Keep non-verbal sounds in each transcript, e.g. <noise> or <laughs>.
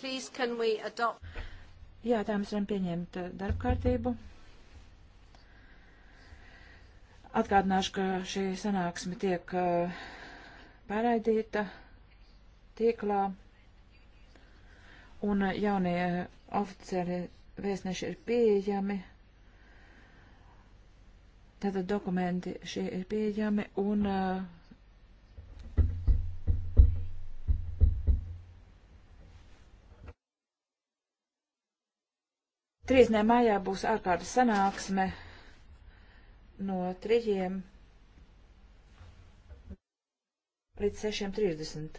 Please, can we adopt? Jā, tā mēs varam pieņemt eh, darba kārtību. Atgādināšu, ka šī sanāksme tiek eh, pārraidīta tīklā, un eh, jaunie oficiāli vēstneši ir pieejami. Tātad dokumenti šie ir pieejami, un uh, 30. maijā būs ārkārtas sanāksme no 3. līdz 6.30.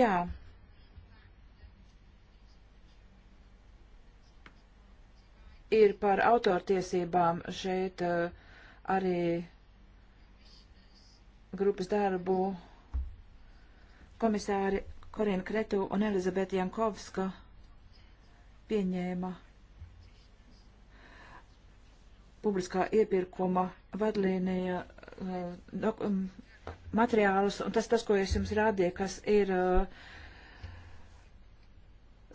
Jā. Ir par autortiesībām šeit eh, arī grupas darbu komisāri Korina Kretu un Elizabete Jankovska pieņēma publiskā iepirkuma vadlīnija uh, um, materiālus, un tas, tas, ko es jums rādīju, kas ir uh,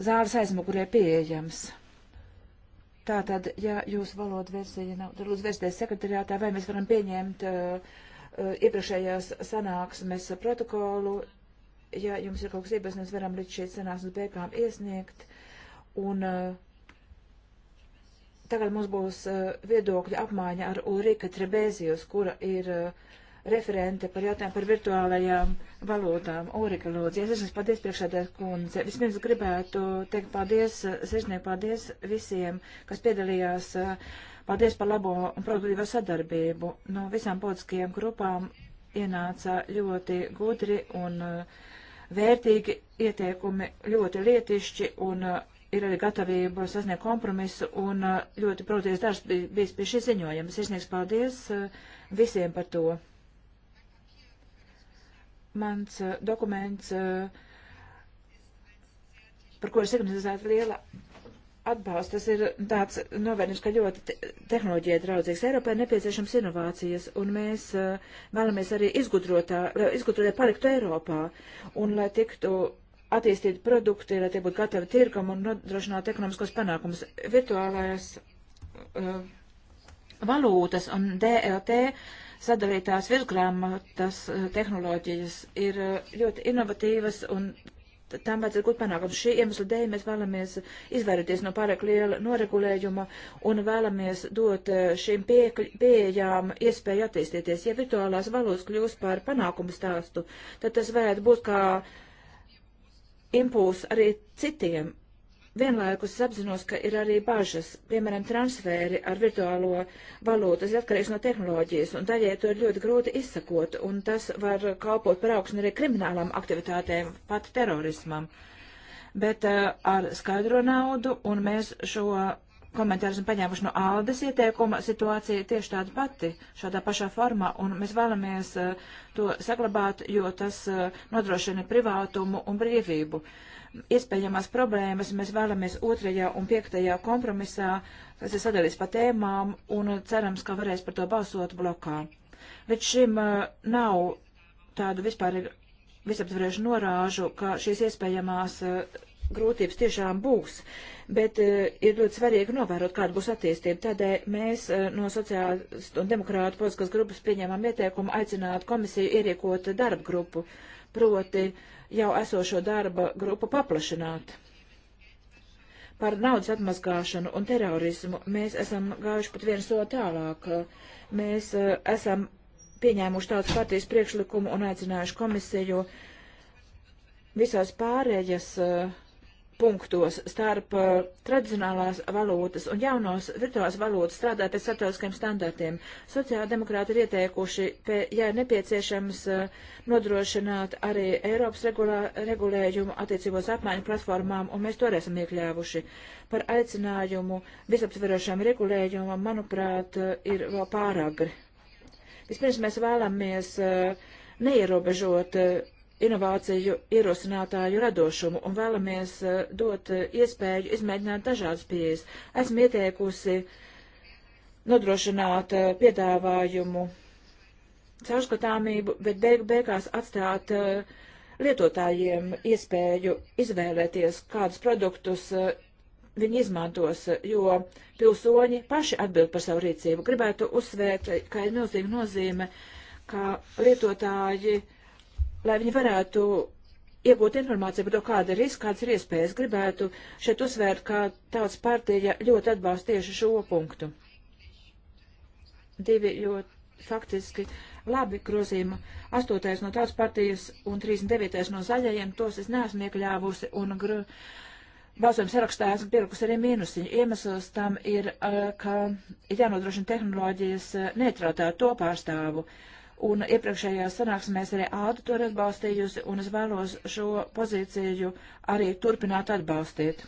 zāles aizmugurē pieejams. Tātad, ja jūs valoda versija nav, tad lūdzu vērsties sekretariātā, vai mēs varam pieņemt uh, uh iepriekšējās sanāksmes protokolu, ja jums ir kaut kas iebēs, mēs varam līdz šīs sanāksmes beigām iesniegt. Un uh, tagad mums būs uh, viedokļa apmaiņa ar Ulrika Trebēzijus, kura ir uh, referente par jautājumu par virtuālajām valūtām. Ulrika, lūdzu, es esmu paldies priekšādās kundze. Vispirms gribētu teikt paldies, sirsnieku paldies visiem, kas piedalījās. Paldies par labo un produktīvo sadarbību. No visām politiskajām grupām ienāca ļoti gudri un uh, vērtīgi ieteikumi, ļoti lietišķi un uh, ir arī gatavība sasniegt kompromisu un uh, ļoti protīvs darbs bijis pie šī ziņojuma. Sirsnieks paldies uh, visiem par to. Mans dokuments, par ko ir signalizēta liela atbalsts. Tas ir tāds novērnums, ka ļoti tehnoloģija draudzīgs. Eiropai nepieciešams inovācijas, un mēs uh, vēlamies arī izgudrotā, lai izgudrotie paliktu Eiropā, un lai tiktu attīstīti produkti, lai tie būtu gatavi tirkam un nodrošinātu ekonomiskos panākumus. Virtuālās uh, valūtas un DLT sadalītās virsgrāmatas tehnoloģijas ir ļoti inovatīvas un tām vajadzētu būt panākums. Šī iemesla dēļ mēs vēlamies izvairīties no pārāk liela noregulējuma un vēlamies dot eh, šīm pieejām iespēju attīstīties. Ja virtuālās valūtas kļūst par panākumu stāstu, tad tas varētu būt kā impuls arī citiem vienlaikus apzinos, ka ir arī bažas, piemēram, transferi ar virtuālo valūtu, tas ir atkarīgs no tehnoloģijas, un daļai to ir ļoti grūti izsakot, un tas var kalpot par augstu arī kriminālām aktivitātēm, pat terorismam. Bet uh, ar skaidro naudu, un mēs šo komentāru esam paņēmuši no Aldes ieteikuma, situācija tieši tāda pati, šādā pašā formā, un mēs vēlamies uh, to saglabāt, jo tas uh, nodrošina privātumu un brīvību. Uh, iespējamās problēmas mēs vēlamies otrajā un piektajā kompromisā, kas ir sadalīts pa tēmām un cerams, ka varēs par to balsot blokā. Līdz šim uh, nav tādu vispār visaptvarēšu norāžu, ka šīs iespējamās uh, grūtības tiešām būs, bet uh, ir ļoti svarīgi novērot, kāda būs attīstība. Tādēļ mēs uh, no sociālistu un demokrātu politiskās grupas pieņēmām ieteikumu aicināt komisiju ierīkot darba grupu, proti uh, jau esošo darba grupu paplašināt. Par naudas atmazgāšanu un terorismu mēs esam gājuši pat vienu soli tālāk. Mēs eh, esam pieņēmuši tautas partijas priekšlikumu un aicinājuši komisiju visās pārējas uh, punktos starp uh, tradicionālās valūtas un jaunos virtuālās valūtas strādāt pēc starptautiskiem standartiem. Sociāldemokrāti ir ieteikuši, pie, ja ir nepieciešams, uh, nodrošināt arī Eiropas regulā, regulējumu attiecībos apmaiņu platformām, un mēs to arī esam iekļāvuši. Par aicinājumu visaptverošām regulējumam, manuprāt, uh, ir vēl pāragri. Vispirms mēs vēlamies uh, neierobežot uh, inovāciju ierosinātāju radošumu un vēlamies eh, dot eh, iespēju izmēģināt dažādas pieejas. Esmu ieteikusi nodrošināt eh, piedāvājumu caurskatāmību, bet beigu beigās atstāt lietotājiem iespēju izvēlēties, kādus produktus viņi izmantos, jo pilsoņi paši atbild par savu rīcību. Gribētu uzsvērt, ka ir milzīga nozīme, ka lietotāji uh, lai viņi varētu iegūt informāciju par to, kāda ir riska, kādas ir iespējas. Gribētu šeit uzsvērt, ka tautas partija ļoti atbalsta tieši šo punktu. Divi ļoti faktiski labi grozījuma. Astotais no tautas partijas un 39. no zaļajiem, tos es neesmu iekļāvusi un gr... balsojuma sarakstā esmu pierakusi arī mīnusiņu. Iemesls tam ir, eh, ka jānodrošina tehnoloģijas eh, neutralitāti to pārstāvu. Uh, un iepriekšējās sanāksmēs arī Ādu to ir atbalstījusi, un es vēlos šo pozīciju arī turpināt atbalstīt.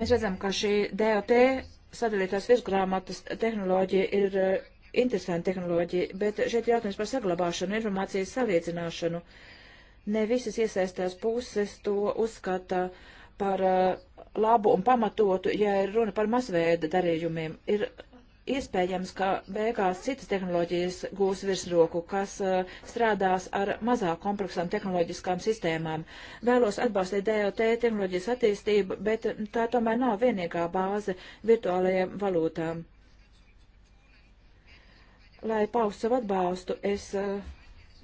Mēs redzam, ka šī DOT sadalītās virsgrāmatas tehnoloģija ir eh, interesanta tehnoloģija, bet šeit jautājums par saglabāšanu, informācijas salīdzināšanu. Ne visas iesaistās puses to uzskata par eh, labu un pamatotu, ja ir runa par masveida darījumiem. Ir iespējams, ka beigās citas tehnoloģijas gūs virsroku, kas uh, strādās ar mazāk kompleksām tehnoloģiskām sistēmām. Vēlos atbalstīt DOT tehnoloģijas attīstību, bet tā tomēr nav vienīgā bāze virtuālajiem valūtām. Lai paustu savu atbalstu, es uh,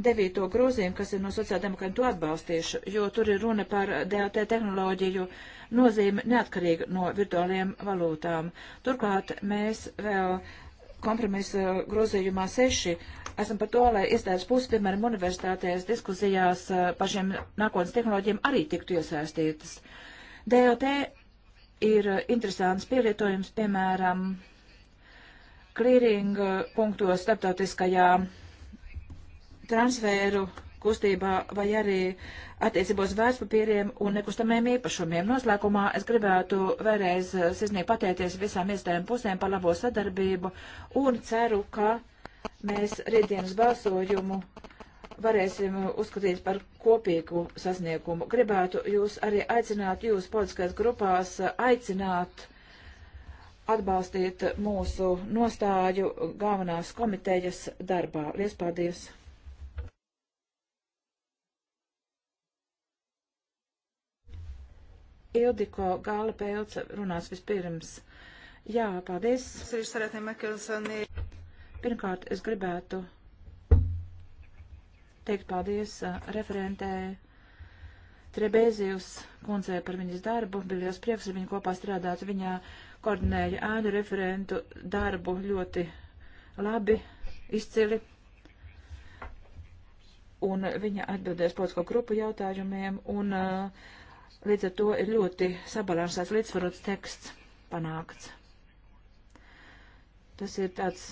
devīto grozījumu, kas ir no sociāldemokrātiem, to atbalstīšu, jo tur ir runa par DLT tehnoloģiju nozīmi neatkarīgi no virtuāliem valūtām. Turklāt mēs vēl kompromisa grozījumā seši esam par to, lai iestādes puses, piemēram, universitātēs diskusijās eh, par šiem nākotnes tehnoloģiem arī tiktu iesaistītas. DLT ir interesants pielietojums, piemēram, klīringa eh, punktos starptautiskajā transferu kustībā vai arī attiecībos vērtspapīriem un nekustamiem īpašumiem. Noslēgumā es gribētu vēlreiz eh, sirsnīgi pateikties visām iestājām pusēm par labo sadarbību un ceru, ka mēs rītdienas balsojumu varēsim uzskatīt par kopīgu sasniegumu. Gribētu jūs arī aicināt, jūs politiskās grupās aicināt atbalstīt mūsu nostāju galvenās komitejas darbā. Lies paldies! Ildiko Gāla Pēlca runās vispirms. Jā, paldies. Pirmkārt, es gribētu teikt paldies referentē Trebēzijus kundzē par viņas darbu. Bija liels prieks ar viņu kopā strādāt. Viņa koordinēja ēnu referentu darbu ļoti labi, izcili. Un viņa atbildēs politisko grupu jautājumiem. Un, uh, Līdz ar to ir ļoti sabalansēts līdzsvarots teksts panākts. Tas ir tāds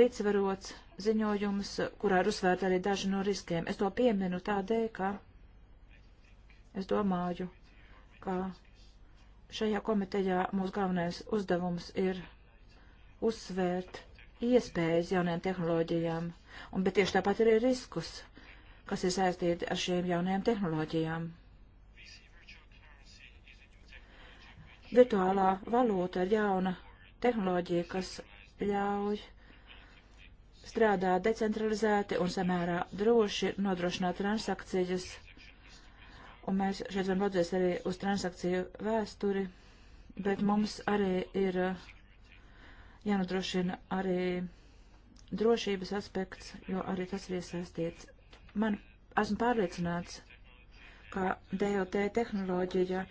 līdzsvarots ziņojums, kurā ir uzsvērta arī daži no riskiem. Es to pieminu tādēļ, ka es domāju, ka šajā komitejā mūsu galvenais uzdevums ir uzsvērt iespējas jaunajām tehnoloģijām, un, bet tieši tāpat arī riskus, kas ir saistīti ar šīm jaunajām tehnoloģijām. virtuālā valūta ir jauna tehnoloģija, kas ļauj strādāt decentralizēti un samērā droši nodrošināt transakcijas. Un mēs šeit varam raudzēties arī uz transakciju vēsturi, bet mums arī ir jānodrošina arī drošības aspekts, jo arī tas ir iesaistīts. Man esmu pārliecināts, ka DOT tehnoloģija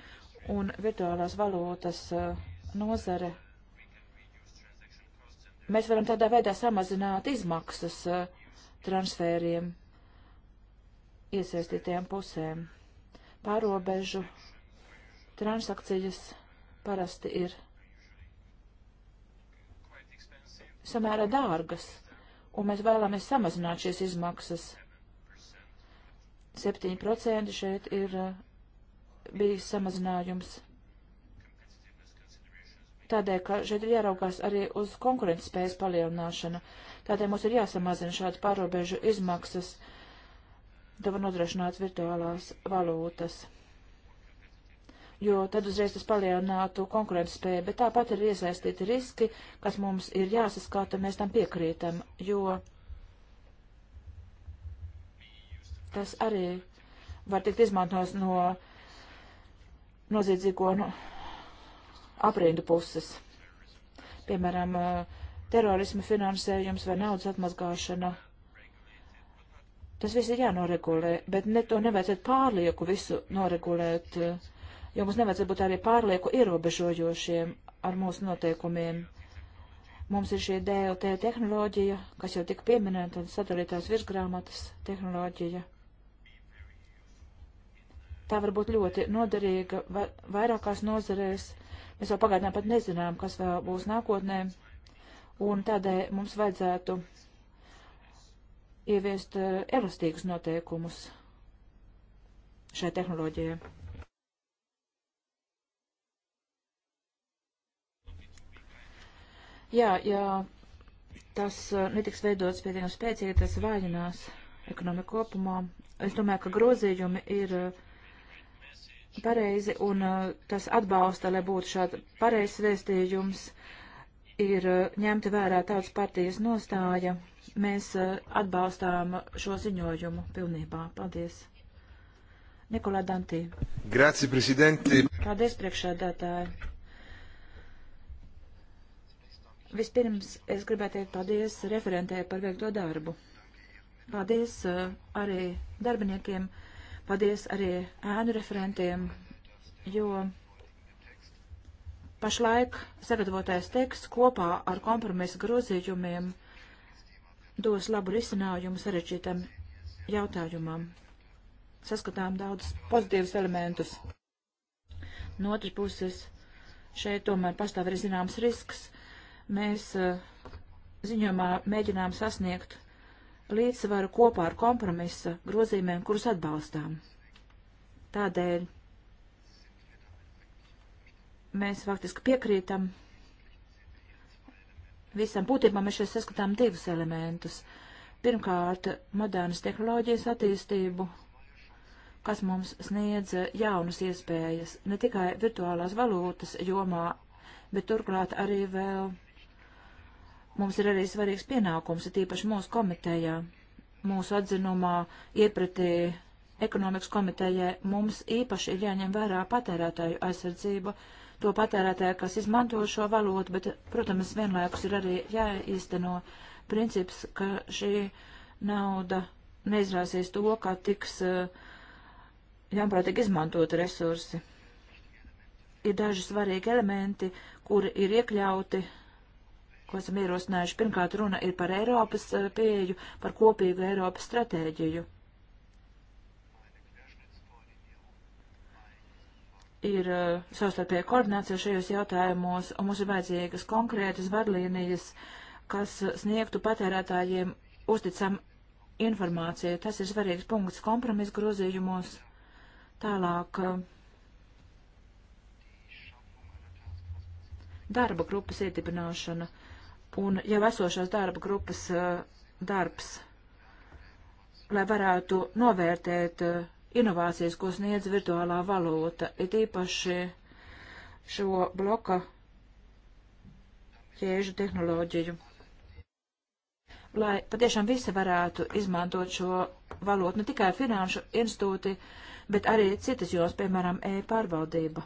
un virtuālās valūtas eh, nozare. Mēs varam tādā veidā samazināt izmaksas eh, transfēriem iesaistītajām pusēm. Pārobežu transakcijas parasti ir samērā dārgas, un mēs vēlamies samazināt šīs izmaksas. 7% šeit ir eh, bija samazinājums. Tādēļ, ka šeit ir jāraugās arī uz konkurences spējas palielināšanu. Tādēļ mums ir jāsamazina šādas pārobežu izmaksas. To var nodrošināt virtuālās valūtas. Jo tad uzreiz tas palielinātu konkurences spēju, bet tāpat ir iesaistīti riski, kas mums ir jāsaskata, mēs tam piekrītam, jo tas arī var tikt izmantos no noziedzīgo nu, aprindu puses. Piemēram, eh, terorisma finansējums vai naudas atmazgāšana. Tas viss ir jānoregulē, bet ne to nevajadzētu pārlieku visu noregulēt, eh, jo mums nevajadzētu būt arī pārlieku ierobežojošiem ar mūsu noteikumiem. Mums ir šī DLT tehnoloģija, kas jau tika pieminēta, satelītās virsgrāmatas tehnoloģija tā var būt ļoti noderīga vairākās nozarēs. Mēs jau pagaidām pat nezinām, kas vēl būs nākotnē, un tādēļ mums vajadzētu ieviest eh, elastīgus noteikumus šai tehnoloģijai. Jā, jā, tas eh, netiks veidots pietiekami spēcīgi, tas vājinās ekonomiku kopumā. Es domāju, ka grozījumi ir uh, pareizi, un uh, tas atbalsta, lai būtu šāds pareizs vēstījums, ir uh, ņemta vērā tautas partijas nostāja. Mēs uh, atbalstām šo ziņojumu pilnībā. Paldies. Nikolā Dantī. Grāci, prezidenti. Paldies, priekšādātāji. Vispirms es gribētu teikt paldies referentē par veikto darbu. Paldies arī darbiniekiem Paldies arī ēnu referentiem, jo pašlaik sagatavotais teksts kopā ar kompromisa grozījumiem dos labu risinājumu sarežģītam jautājumam. Saskatām daudz pozitīvus elementus. No otras puses, šeit tomēr pastāv arī zināms risks. Mēs eh, ziņojumā mēģinām sasniegt līdzsvaru kopā ar kompromisa grozījumiem, kurus atbalstām. Tādēļ mēs faktiski piekrītam visam būtībā, mēs šeit saskatām divus elementus. Pirmkārt, modernas tehnoloģijas attīstību, kas mums sniedz jaunas iespējas ne tikai virtuālās valūtas jomā, bet turklāt arī vēl Mums ir arī svarīgs pienākums, ir īpaši mūsu komitejā. Mūsu atzinumā iepratī ekonomikas komitejai mums īpaši ir jāņem vērā patērētāju aizsardzība, to patērētāju, kas izmanto šo valotu, bet, protams, vienlaikus ir arī jāīsteno princips, ka šī nauda neizrāsīs to, kā tiks eh, ļaunprātīgi izmantot resursi. Ir daži svarīgi elementi, kuri ir iekļauti ko esam ierosinājuši. Pirmkārt, runa ir par Eiropas eh, pieeju, par kopīgu Eiropas stratēģiju. Ir eh, savstarpēja koordinācija šajos jautājumos, un mums ir vajadzīgas konkrētas vadlīnijas, kas sniegtu patērētājiem uzticam informāciju. Tas ir svarīgs punkts kompromisu grozījumos. Tālāk. Eh, darba grupas iedibināšana. Uh, un jau esošās darba grupas eh, darbs, lai varētu novērtēt eh, inovācijas, ko sniedz virtuālā valūta, ir īpaši šo bloka ķēžu tehnoloģiju. Lai patiešām visi varētu izmantot šo valotu, ne tikai finanšu institūti, bet arī citas jos, piemēram, e-pārvaldība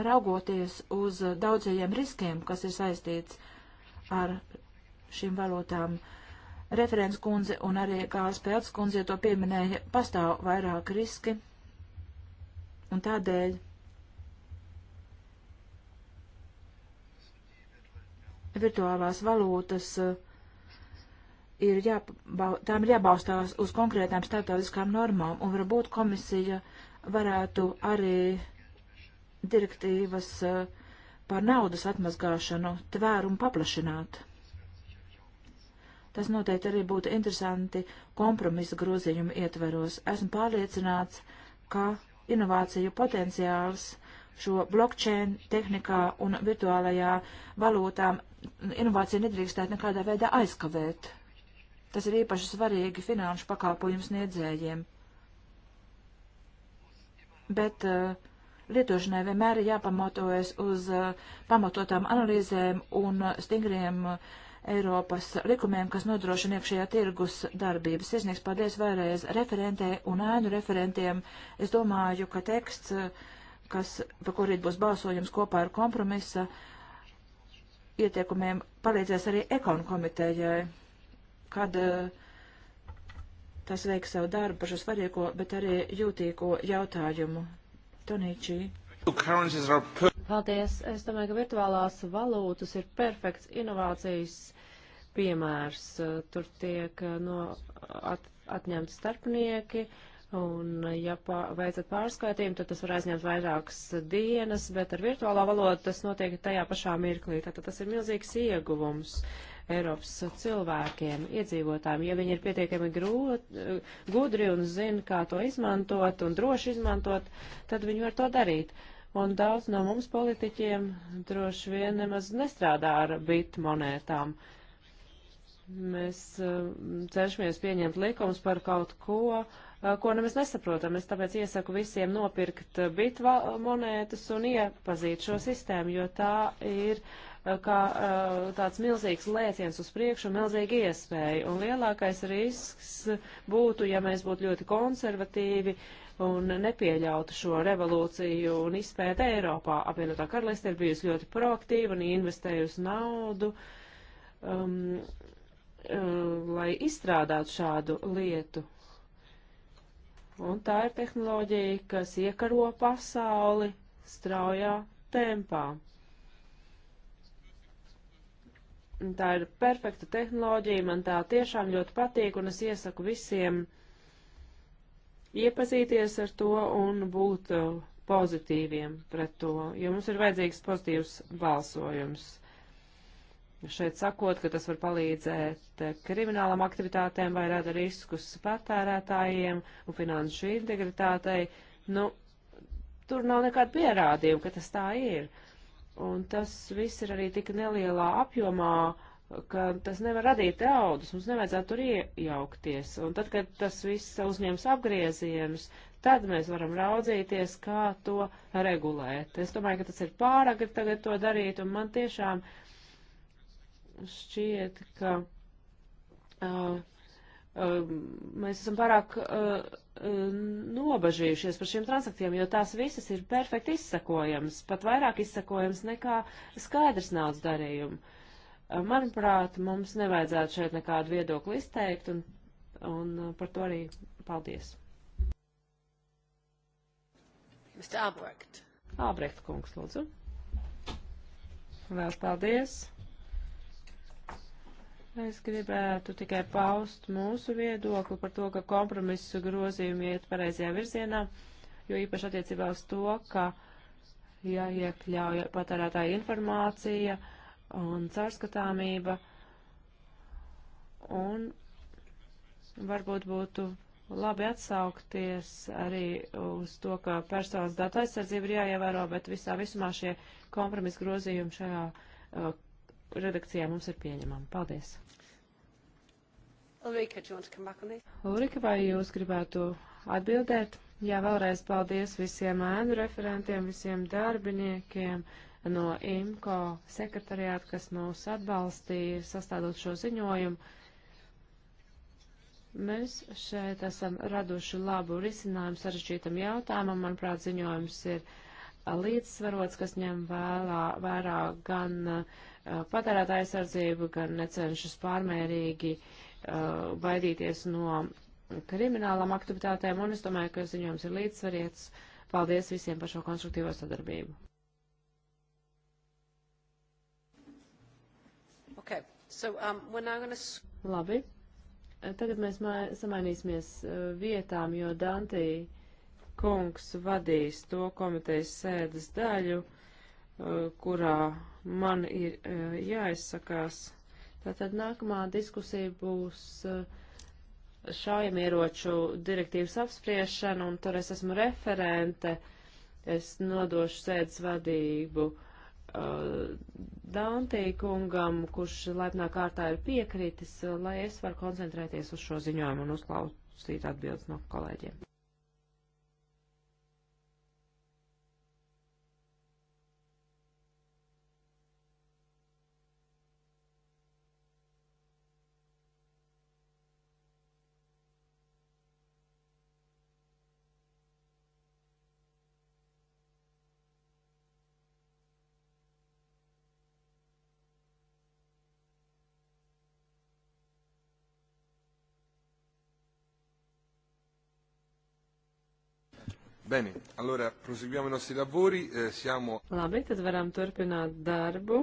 raugoties uz daudzajiem riskiem, kas ir saistīts ar šīm valūtām. Referents kundze un arī Kāls Pēc kundze to pieminēja, pastāv vairāk riski, un tādēļ virtuālās valūtas eh, ir jābau, tām ir jābalstās uz konkrētām starptautiskām normām, un varbūt komisija varētu arī direktīvas eh, par naudas atmazgāšanu tvērumu paplašināt. Tas noteikti arī būtu interesanti kompromisa grozījumu ietveros. Esmu pārliecināts, ka inovāciju potenciāls šo blockchain tehnikā un virtuālajā valūtā inovācija nedrīkstētu nekādā veidā aizkavēt. Tas ir īpaši svarīgi finanšu pakalpojumu sniedzējiem. Bet uh, lietošanai vienmēr ir jāpamatojas uz uh, pamatotām analīzēm un stingriem uh, Eiropas likumiem, kas nodrošina iekšējā tirgus darbības. Iesniegs paldies vēlreiz referentē un ēnu referentiem. Es domāju, ka teksts, uh, kas, par kurīt būs balsojums kopā ar kompromisa ieteikumiem, palīdzēs arī ekonu komitejai, kad uh, tas veiks savu darbu par šo svarīgo, bet arī jūtīgo jautājumu. Tonīčī. Paldies. Es domāju, ka virtuālās valūtas ir perfekts inovācijas piemērs. Tur tiek uh, no at, atņemti starpnieki. Un, uh, ja pā, veicat pārskaitījumu, tad tas var aizņemt vairākas dienas, bet ar virtuālā valodu tas notiek tajā pašā mirklī. Tātad tas ir milzīgs ieguvums. Uh, Eiropas cilvēkiem, iedzīvotājiem, ja viņi ir pietiekami grūt, gudri un zina, kā to izmantot un droši izmantot, tad viņi var to darīt. Un daudz no mums politiķiem droši vien nemaz nestrādā ar bitmonētām. Mēs uh, cenšamies pieņemt likums par kaut ko, uh, ko nemaz nesaprotam. Es tāpēc iesaku visiem nopirkt bitva monētas un iepazīt šo sistēmu, jo tā ir Eh, kā eh, tāds milzīgs lēciens uz priekšu un milzīga iespēja. Un lielākais risks būtu, ja mēs būtu ļoti konservatīvi un nepieļautu šo revolūciju un izpēti Eiropā. Apvienotā karaliste ir bijusi ļoti proaktīva un investējusi naudu, um, um, lai izstrādātu šādu lietu. Un tā ir tehnoloģija, kas iekaro pasauli straujā tempā. Tā ir perfekta tehnoloģija, man tā tiešām ļoti patīk, un es iesaku visiem iepazīties ar to un būt uh, pozitīviem pret to, jo mums ir vajadzīgs pozitīvs balsojums. Šeit sakot, ka tas var palīdzēt uh, kriminālam aktivitātēm vai rada riskus patērētājiem un finanšu integritātei, nu, tur nav nekāda pierādījuma, ka tas tā ir. Uh, Un tas viss ir arī tik nelielā apjomā, ka tas nevar radīt draudus, mums nevajadzētu tur iejaukties. Un tad, kad tas viss uzņems apgriezienus, tad mēs varam raudzīties, kā to regulēt. Es domāju, ka tas ir pāragri tagad to darīt, un man tiešām šķiet, ka uh, Ehm, mēs esam pārāk uh, nobažījušies par šiem transakcijiem, jo tās visas ir perfekti izsakojams, pat vairāk izsakojams nekā skaidrs naudas darījumi. Ehm, manuprāt, mums nevajadzētu šeit nekādu viedokli izteikt, un, un eh, par to arī paldies. Mr. Albrecht. Albrecht kungs, lūdzu. Vēl paldies. Es gribētu tikai paust mūsu viedokli par to, ka kompromisu grozījumi iet pareizajā virzienā, jo īpaši attiecībā uz to, ka jāiekļauj ja patērētāja informācija un cārskatāmība, un varbūt būtu labi atsaukties arī uz to, ka personas data aizsardzība ir jāievēro, bet visā visumā šie kompromisu grozījumi šajā uh, redakcijā mums ir pieņemama. Paldies! Ulrika, Ulrika, vai jūs gribētu atbildēt? Jā, vēlreiz paldies visiem ēnu referentiem, visiem darbiniekiem no IMCO sekretariāta, kas mūs atbalstīja sastādot šo ziņojumu. Mēs šeit esam raduši labu risinājumu sarežģītam jautājumam. Manuprāt, ziņojums ir līdzsvarots, kas ņem vēlā, vērā gan uh, patērētāja aizsardzību, gan necenšas pārmērīgi uh, baidīties no kriminālām aktivitātēm, un es domāju, ka ziņojums ir līdzsvarietis. Paldies visiem par šo konstruktīvo sadarbību. Okay. So, um, gonna... Labi. Tagad mēs samaiņīsimies uh, vietām, jo Dantī. Dante kungs vadīs to komitejas sēdes daļu, uh, kurā man ir uh, jāizsakās. Tātad nākamā diskusija būs uh, šaujamieroču direktīvas apspriešana, un tur es esmu referente. Es nodošu sēdes vadību uh, Dantī kungam, kurš laipnā kārtā ir piekritis, lai es varu koncentrēties uz šo ziņojumu un uzklausīt atbildes no kolēģiem. Bene, allora proseguiamo i nostri lavori, eh, siamo... Labi, tad varam turpināt darbu.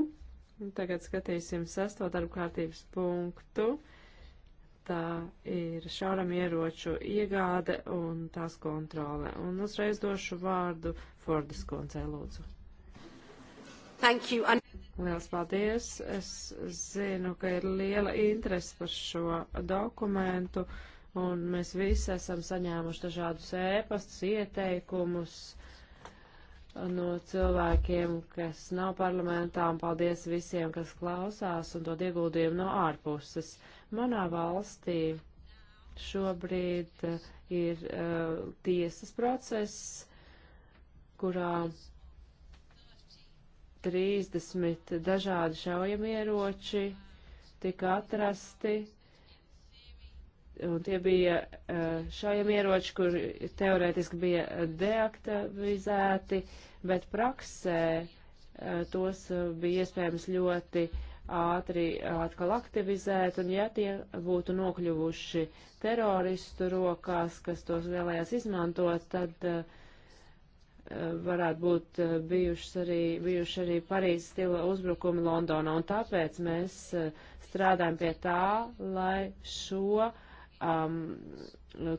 Tagad skatīsim sesto darbu kārtības punktu. Tā ir šauram ieroču iegāde un tās kontrole. Un uzreiz došu vārdu Fordas koncē, lūdzu. Thank you. Un... Liels paldies. Es zinu, ka ir liela interese par šo dokumentu. Uh, un mēs visi esam saņēmuši dažādus ēpastus, ieteikumus no cilvēkiem, kas nav parlamentā, un paldies visiem, kas klausās un dod ieguldījumu no ārpuses. Manā valstī šobrīd uh, ir uh, tiesas process, kurā 30 dažādi šaujamieroči tika atrasti un tie bija eh, šaujam ieroči, kur teorētiski bija deaktivizēti, bet praksē eh, tos eh, bija iespējams ļoti ātri atkal aktivizēt, un ja tie būtu nokļuvuši teroristu rokās, kas tos vēlējās izmantot, tad varētu būt bijušas arī, bijuši arī Parīzes stila uzbrukumi Londonā, un tāpēc mēs strādājam pie tā, lai šo uh, um,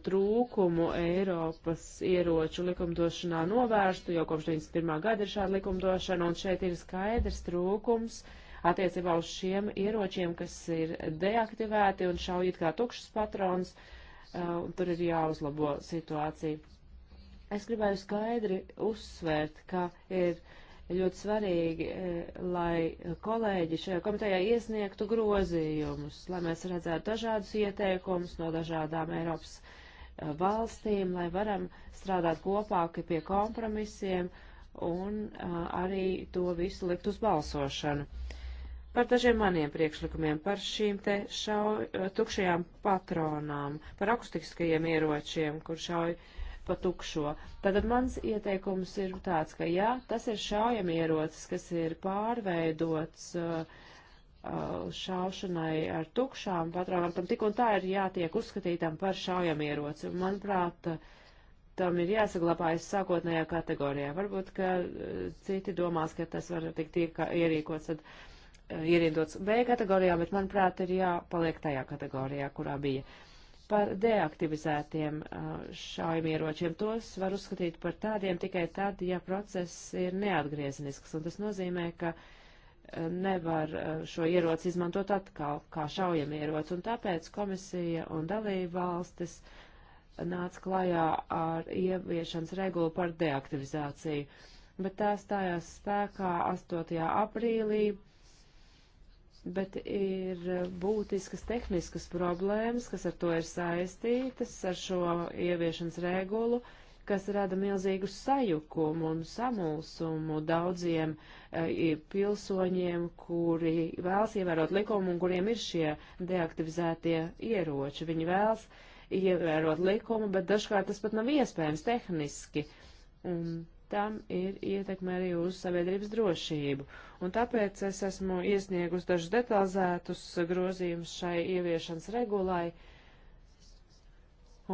trūkumu Eiropas ieroču likumdošanā novērstu, jo kopš 91. gada ir šāda likumdošana, un šeit ir skaidrs trūkums attiecībā uz šiem ieročiem, kas ir deaktivēti un šaujiet kā tukšas patrons, uh, un tur ir jāuzlabo situācija. Es gribēju skaidri uzsvērt, ka ir uh, ļoti svarīgi, e, lai kolēģi šajā komitejā iesniegtu grozījumus, lai mēs redzētu dažādus ieteikumus no dažādām Eiropas e, valstīm, lai varam strādāt kopā pie kompromisiem un e, arī to visu likt uz balsošanu. Par dažiem maniem priekšlikumiem, par šīm te šau, tukšajām patronām, par akustiskajiem ieročiem, kur šauj uh, pa tukšo. Tātad mans ieteikums ir tāds, ka jā, tas ir šaujamierocis, kas ir pārveidots uh, uh šaušanai ar tukšām patronām, tam tik un tā ir jātiek uzskatītam par šaujamieroci. Un, manuprāt, tam ir jāsaglabājas sākotnējā kategorijā. Varbūt, ka uh, citi domās, ka tas var tikt ierīkots, tad uh, ierindots B kategorijā, bet, manuprāt, ir jāpaliek tajā kategorijā, kurā bija. Uh, par deaktivizētiem uh, šaujamieročiem. Tos var uzskatīt par tādiem tikai tad, ja process ir neatgriezenisks, un tas nozīmē, ka uh, nevar uh, šo ieroci izmantot atkal kā šaujamieroci, un tāpēc komisija un dalība valstis nāca klajā ar ieviešanas regulu par deaktivizāciju, bet tā stājās spēkā 8. aprīlī bet ir būtiskas tehniskas problēmas, kas ar to ir saistītas, ar šo ieviešanas regulu, kas rada milzīgu sajukumu un samulsumu daudziem e, pilsoņiem, kuri vēlas ievērot likumu un kuriem ir šie deaktivizētie ieroči. Viņi vēlas ievērot likumu, bet dažkārt tas pat nav iespējams tehniski. Un tam ir ietekme arī uz sabiedrības drošību. Un tāpēc es esmu iesniegus dažus detalizētus grozījumus šai ieviešanas regulai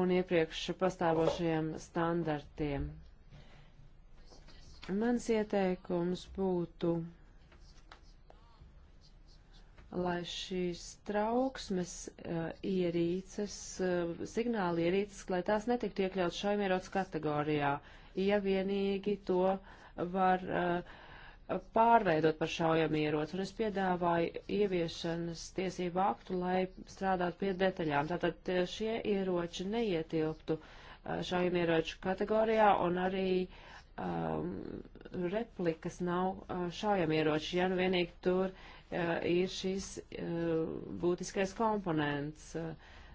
un iepriekš pastāvošajiem standartiem. Mans ieteikums būtu, lai šīs trauksmes uh, ierīces, uh, signāli ierīces, lai tās netiktu iekļaut šaimierots kategorijā, uh, ja vienīgi to var uh, pārveidot par šaujamieroci, un es piedāvāju ieviešanas tiesību aktu, lai strādātu pie detaļām. Tātad eh, šie ieroči neietilptu eh, šaujamieroču kategorijā, un arī um, replikas nav šaujamieroči, ja nu vienīgi tur uh, ir šis uh, būtiskais komponents.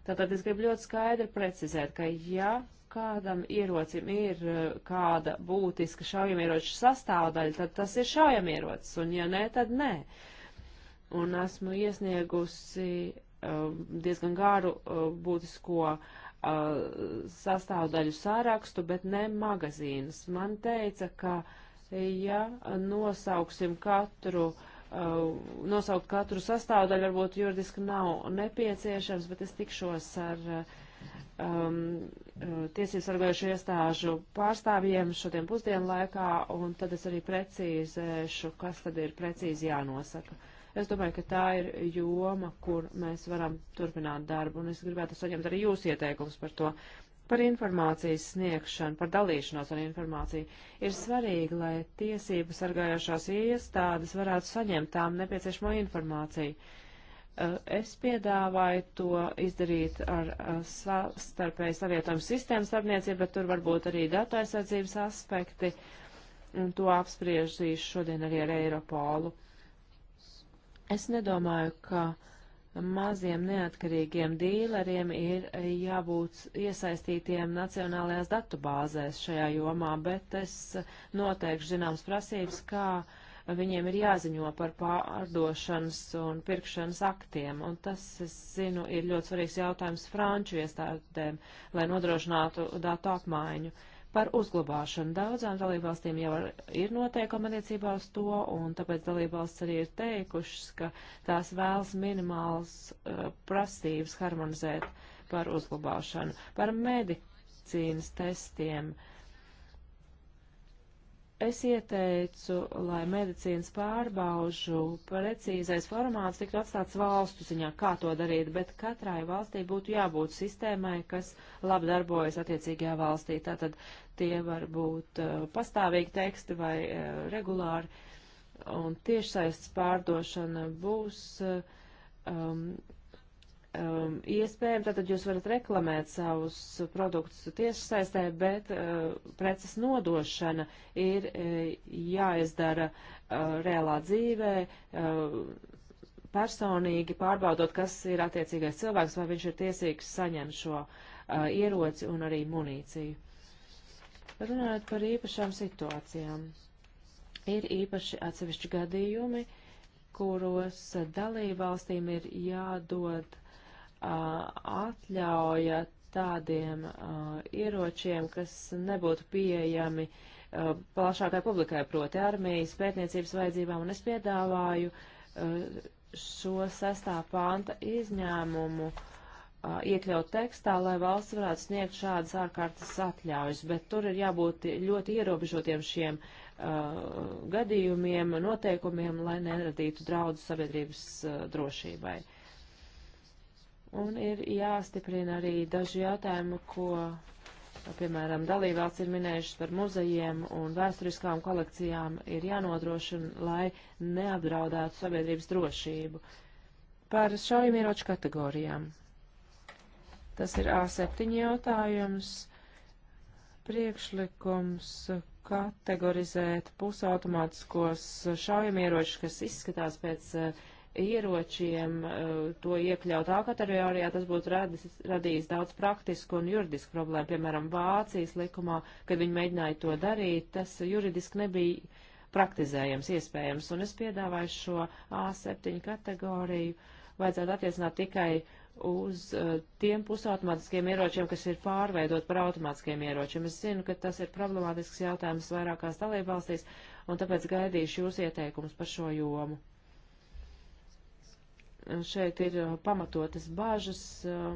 Tātad es gribu ļoti skaidri precizēt, ka ja kādam ierocim ir e, kāda būtiska šaujamieroča sastāvdaļa, tad tas ir šaujamierocis, un ja nē, tad nē. Un esmu iesniegusi uh, diezgan garu uh, e, būtisko uh, sastāvdaļu sārakstu, bet ne magazīnas. Man teica, ka ja nosauksim katru uh, nosaukt katru sastāvdaļu, varbūt juridiski nav nepieciešams, bet es tikšos ar uh, um, uh, tiesību sargājušu iestāžu pārstāvjiem šodien pusdienu laikā, un tad es arī precīzēšu, kas tad ir precīzi jānosaka. Es domāju, ka tā ir joma, kur mēs varam turpināt darbu, un es gribētu saņemt arī jūsu ieteikumus par to. Par informācijas sniegšanu, par dalīšanos ar informāciju ir svarīgi, lai tiesību sargājošās iestādes varētu saņemt tām nepieciešamo informāciju. Uh, Eh, es piedāvāju to izdarīt ar eh, starpēju savietojumu sistēmu starpniecību, bet tur varbūt arī datu aizsardzības aspekti, un to apspriežīšu šodien arī ar Eiropolu. Es nedomāju, ka maziem neatkarīgiem dīleriem ir jābūt iesaistītiem nacionālajās datubāzēs šajā jomā, bet es noteikti zināms prasības, kā uh, viņiem ir jāziņo par pārdošanas un pirkšanas aktiem, un tas, es zinu, ir ļoti svarīgs jautājums franču iestādēm, lai nodrošinātu datu apmaiņu. Par uzglabāšanu daudzām dalībvalstīm jau ir noteikumi attiecībā uz to, un tāpēc dalībvalsts arī ir teikušas, ka tās vēlas minimāls uh, prasības harmonizēt par uzglabāšanu. Par medicīnas testiem uh, Es ieteicu, lai medicīnas pārbaužu precīzais formāts tiktu atstāts valstu ziņā, kā to darīt, bet katrai valstī būtu jābūt sistēmai, kas labi darbojas attiecīgajā valstī. Tātad tie var būt uh, pastāvīgi teksti vai uh, regulāri, un tiešsaists pārdošana būs. Uh, um, um, iespējami, tātad jūs varat reklamēt savus produktus tiešsaistē, bet uh, preces nodošana ir uh, jāizdara uh, reālā dzīvē, uh, personīgi pārbaudot, kas ir attiecīgais cilvēks, vai viņš ir tiesīgs saņemt šo uh, ieroci un arī munīciju. Runājot par īpašām situācijām, ir īpaši atsevišķi gadījumi, kuros dalībvalstīm ir jādod atļauja tādiem ieročiem, kas nebūtu pieejami plašākai publikai, proti armijas pētniecības vajadzībām, un es piedāvāju šo sestā panta izņēmumu iekļaut tekstā, lai valsts varētu sniegt šādas ārkārtas atļaujas, bet tur ir jābūt ļoti ierobežotiem šiem uh, gadījumiem, noteikumiem, lai neradītu draudu sabiedrības uh, drošībai. Uh, Un ir jāstiprina arī daži jautājumi, ko, piemēram, dalībvalsts ir minējušas par muzejiem un vēsturiskām kolekcijām, ir jānodrošina, lai neapdraudētu sabiedrības drošību. Par šaujamieroču kategorijām. Tas ir A7 jautājums. Priekšlikums kategorizēt pusautomātiskos šaujamieročus, kas izskatās pēc uh, ieročiem eh, to iekļaut A kategorijā, tas būtu radis, radījis daudz praktisku un juridisku problēmu. Piemēram, Vācijas likumā, kad viņi mēģināja to darīt, tas juridiski nebija praktizējams, iespējams, un es piedāvāju šo A7 kategoriju vajadzētu attiecināt tikai uz uh, tiem pusautomātiskiem ieročiem, kas ir pārveidot par automātiskiem ieročiem. Es zinu, ka tas ir problemātisks jautājums vairākās dalībvalstīs, un tāpēc gaidīšu jūs ieteikumus par šo jomu šeit ir uh, pamatotas bažas uh,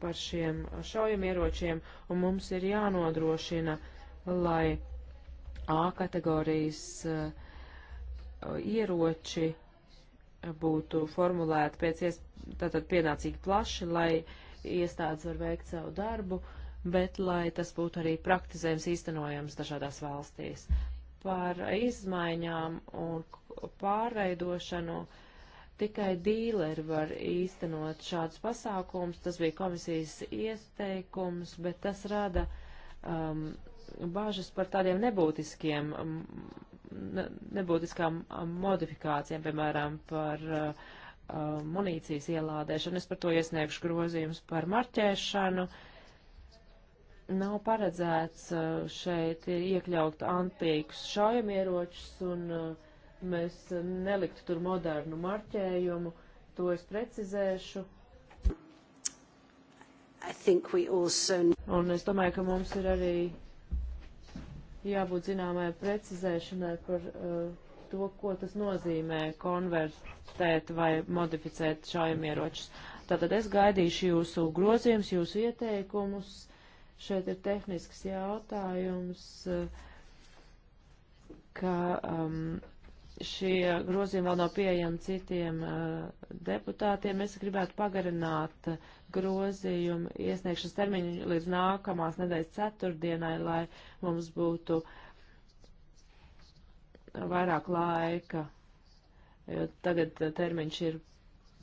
par šiem šaujamieročiem, un mums ir jānodrošina, lai A kategorijas uh, ieroči būtu formulēti pēc tātad pienācīgi plaši, lai iestādes var veikt savu darbu, bet lai tas būtu arī praktizējums īstenojams dažādās valstīs. Par izmaiņām un pārveidošanu uh, Tikai dīleri var īstenot šādus pasākumus, tas bija komisijas ieteikums, bet tas rada um, bāžas par tādiem nebūtiskiem, um, ne, nebūtiskām um, modifikācijām, piemēram, par uh, um, munīcijas ielādēšanu. Es par to iesniegšu grozījumus par marķēšanu. Nav paredzēts uh, šeit iekļaut antīkus šaujamieročus un uh, mēs eh, neliktu tur modernu marķējumu, to es precizēšu. Also... Un es domāju, ka mums ir arī jābūt zināmai precizēšanai par uh, to, ko tas nozīmē konvertēt vai modificēt šaujamieročus. Tātad es gaidīšu jūsu grozījums, jūsu ieteikumus. Šeit ir tehnisks jautājums, eh, ka um, šie grozījumi vēl nav pieejami citiem uh, deputātiem. Es gribētu pagarināt grozījumu iesniegšanas termiņu līdz nākamās nedēļas ceturtdienai, lai mums būtu vairāk laika, jo tagad eh, termiņš ir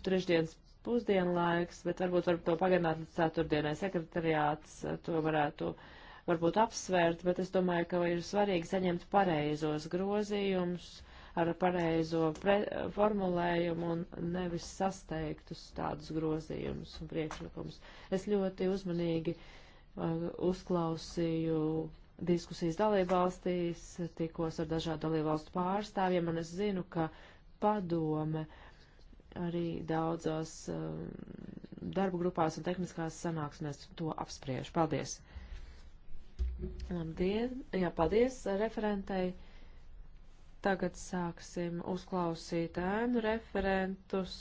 trešdienas pusdienlaiks, bet varbūt var to pagarināt līdz ceturtdienai. Sekretariāts eh, to varētu varbūt apsvērt, bet es domāju, ka ir svarīgi saņemt pareizos grozījumus ar pareizo pre, formulējumu un nevis sasteigtus tādus grozījumus un priekšlikumus. Es ļoti uzmanīgi uh, uzklausīju diskusijas dalībvalstīs, tikos ar dažādu dalībvalstu pārstāvjiem, un es zinu, ka padome arī daudzās uh, darba grupās un tehniskās sanāksmēs to apspriež. Paldies! Labdien! Jā, paldies referentei! Tagad sāksim uzklausīt ēnu referentus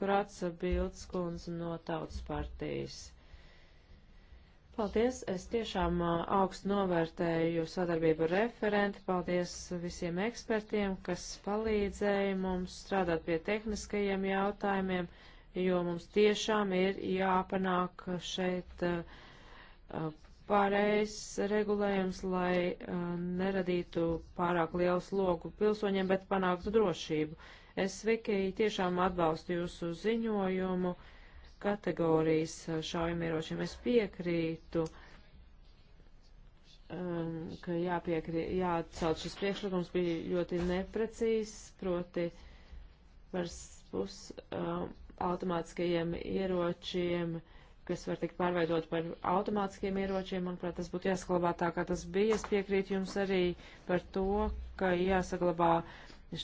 Kratsa Bildskundz no Tautas partijas. Paldies, es tiešām augstu novērtēju sadarbību ar referenti, paldies visiem ekspertiem, kas palīdzēja mums strādāt pie tehniskajiem jautājumiem, jo mums tiešām ir jāpanāk šeit uh, pareizs regulējums, lai uh, neradītu pārāk lielu slogu pilsoņiem, bet panāktu drošību. Es, Viki, tiešām atbalstu jūsu ziņojumu kategorijas uh, šaujamieročiem. Es piekrītu, um, ka jāpiekrī, jāatcelt šis priekšlikums bija ļoti neprecīzs, proti par pus um, automātiskajiem ieročiem. Uh, kas var tikt pārveidot par automātiskiem ieročiem. Manuprāt, tas būtu jāsaglabā tā, kā tas bija. Es piekrītu jums arī par to, ka jāsaglabā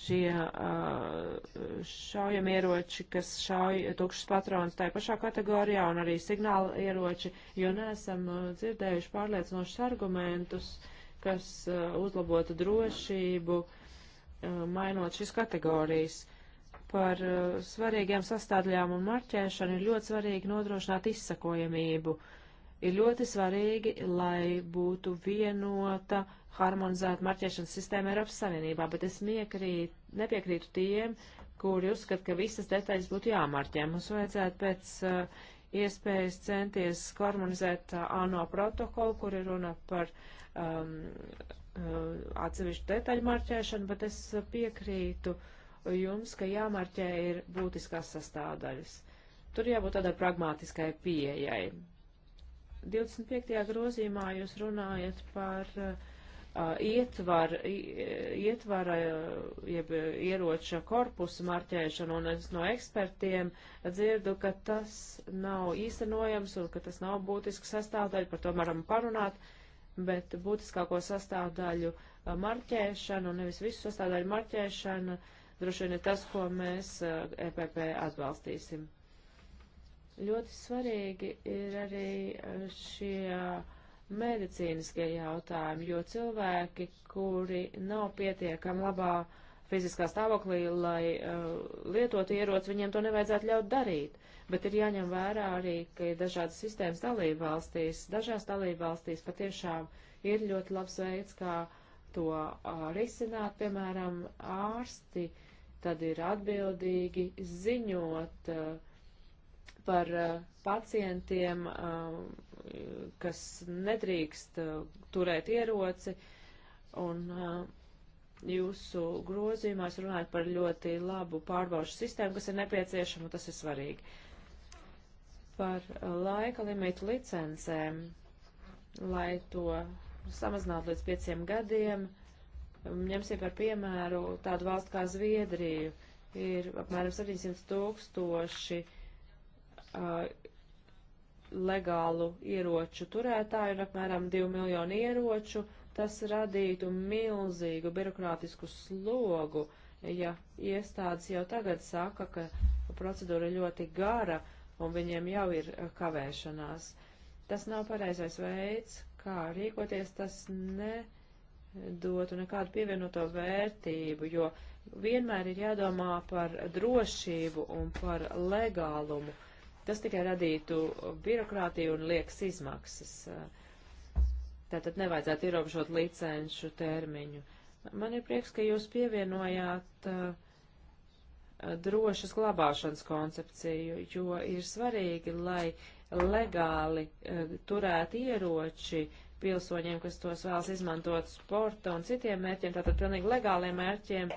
šie uh, šaujam ieroči, kas šauj tukšas patronas tajā pašā kategorijā un arī signāla ieroči, jo neesam uh, dzirdējuši pārliecinošus argumentus, kas uh, uzlabotu drošību, mainot šīs kategorijas par uh, svarīgām sastāvdaļām un marķēšanu, ir ļoti svarīgi nodrošināt izsakojamību. Ir ļoti svarīgi, lai būtu vienota, harmonizēta marķēšanas sistēma Eiropas Savienībā, bet es miekrīt, nepiekrītu tiem, kuri uzskata, ka visas detaļas būtu jāmarķē. Mums vajadzētu pēc uh, iespējas centies harmonizēt uh, ANO protokolu, kur ir runa par um, uh, atsevišķu detaļu marķēšanu, bet es uh, piekrītu uh, jums, ka jāmarķē ir būtiskās sastāvdaļas. Tur jābūt tādai pragmātiskai pieejai. 25. grozījumā jūs runājat par uh, ietvar, ietvara, jeb ieroča korpusu marķēšanu, un es no ekspertiem dzirdu, ka tas nav īstenojams un ka tas nav būtiska sastāvdaļa, par to varam parunāt, bet būtiskāko sastāvdaļu uh, marķēšanu, nevis visu sastāvdaļu marķēšanu, uh, droši vien ir tas, ko mēs EPP eh, e atbalstīsim. Ļoti svarīgi ir arī eh, šie medicīniskie jautājumi, jo cilvēki, kuri nav pietiekami labā fiziskā stāvoklī, lai uh, lietotu ieroci, viņiem to nevajadzētu ļaut darīt. Bet ir jāņem vērā arī, ka ir dažādas sistēmas dalība valstīs. Dažās dalība valstīs patiešām ir ļoti labs veids, kā to uh, risināt. Piemēram, ārsti uh, tad ir atbildīgi ziņot uh, par uh, pacientiem, uh, kas nedrīkst turēt ieroci, un jūsu grozījumā es runāju par ļoti labu pārbaušu sistēmu, kas ir nepieciešama, un tas ir svarīgi. Par laika limitu licencēm, lai to samazinātu līdz pieciem gadiem, uh, ņemsim par piemēru tādu valstu kā Zviedriju, ir apmēram 700 tūkstoši uh, legālu ieroču turētāju un apmēram 2 miljonu ieroču. Tas radītu milzīgu birokrātisku slogu, ja iestādes jau tagad saka, ka procedūra ļoti gara un viņiem jau ir kavēšanās. Tas nav pareizais veids, kā rīkoties, tas ne. Uh, dotu nekādu pievienoto vērtību, jo vienmēr ir jādomā par drošību un par legālumu. Tas tikai radītu birokrātiju un liekas izmaksas. Tātad nevajadzētu ierobežot licenšu termiņu. Man ir prieks, ka jūs pievienojāt uh, drošas glabāšanas koncepciju, jo ir svarīgi, lai legāli uh, turēti ieroči uh, pilsoņiem, kas tos vēlas izmantot sporta un citiem mērķiem, tātad pilnīgi legāliem mērķiem,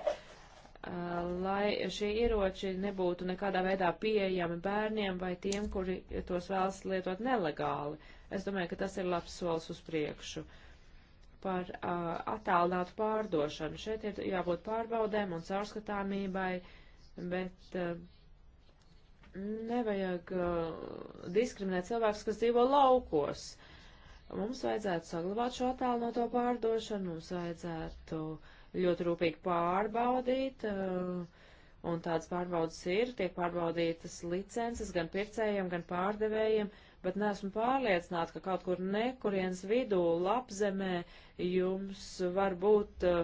lai šie ieroči nebūtu nekādā veidā pieejami bērniem vai tiem, kuri tos vēlas lietot nelegāli. Es domāju, ka tas ir labs solis uz priekšu. Par uh, attālinātu pārdošanu. Šeit ir jābūt pārbaudēm un caurskatāmībai, bet uh, nevajag uh, diskriminēt cilvēkus, kas dzīvo laukos. Uh, Mums vajadzētu saglabāt šo attālinoto pārdošanu, mums vajadzētu ļoti rūpīgi pārbaudīt, eh, un tādas pārbaudas ir, tiek pārbaudītas licences gan pircējiem, gan pārdevējiem, bet neesmu pārliecināta, ka kaut kur nekurienes vidū, lapzemē, jums var būt eh,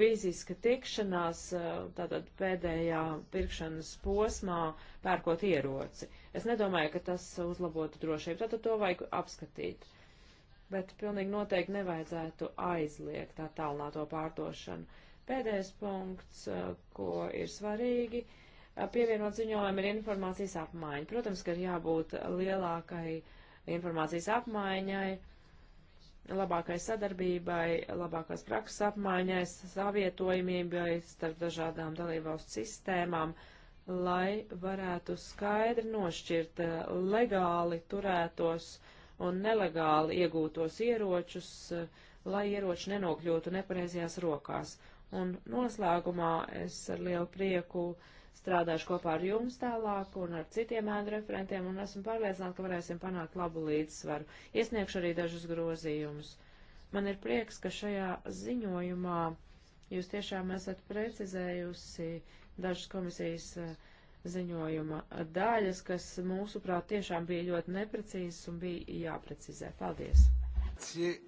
fiziska tikšanās, eh, tātad pēdējā pirkšanas posmā, pērkot ieroci. Es nedomāju, ka tas uzlabotu drošību, tātad to vajag apskatīt bet pilnīgi noteikti nevajadzētu aizliegt attālināto pārdošanu. Pēdējais punkts, uh, ko ir svarīgi, uh, pievienot ziņojumu ir informācijas apmaiņa. Protams, ka ir jābūt lielākai informācijas apmaiņai, labākai sadarbībai, labākās prakses apmaiņai, savietojumībai starp dažādām dalībvalstu sistēmām, lai varētu skaidri nošķirt uh, legāli turētos uh, un nelegāli iegūtos ieročus, eh, lai ieroči nenokļūtu nepareizajās rokās. Un noslēgumā es ar lielu prieku strādāšu kopā ar jums tālāk un ar citiem ēnu referentiem un esmu pārliecināta, ka varēsim panākt labu līdzsvaru. Iesniegšu arī dažus grozījumus. Man ir prieks, ka šajā ziņojumā jūs tiešām esat precizējusi dažas komisijas uh, ziņojuma daļas, kas mūsuprāt tiešām bija ļoti neprecīzas un bija jāprecizē. Paldies! Eh,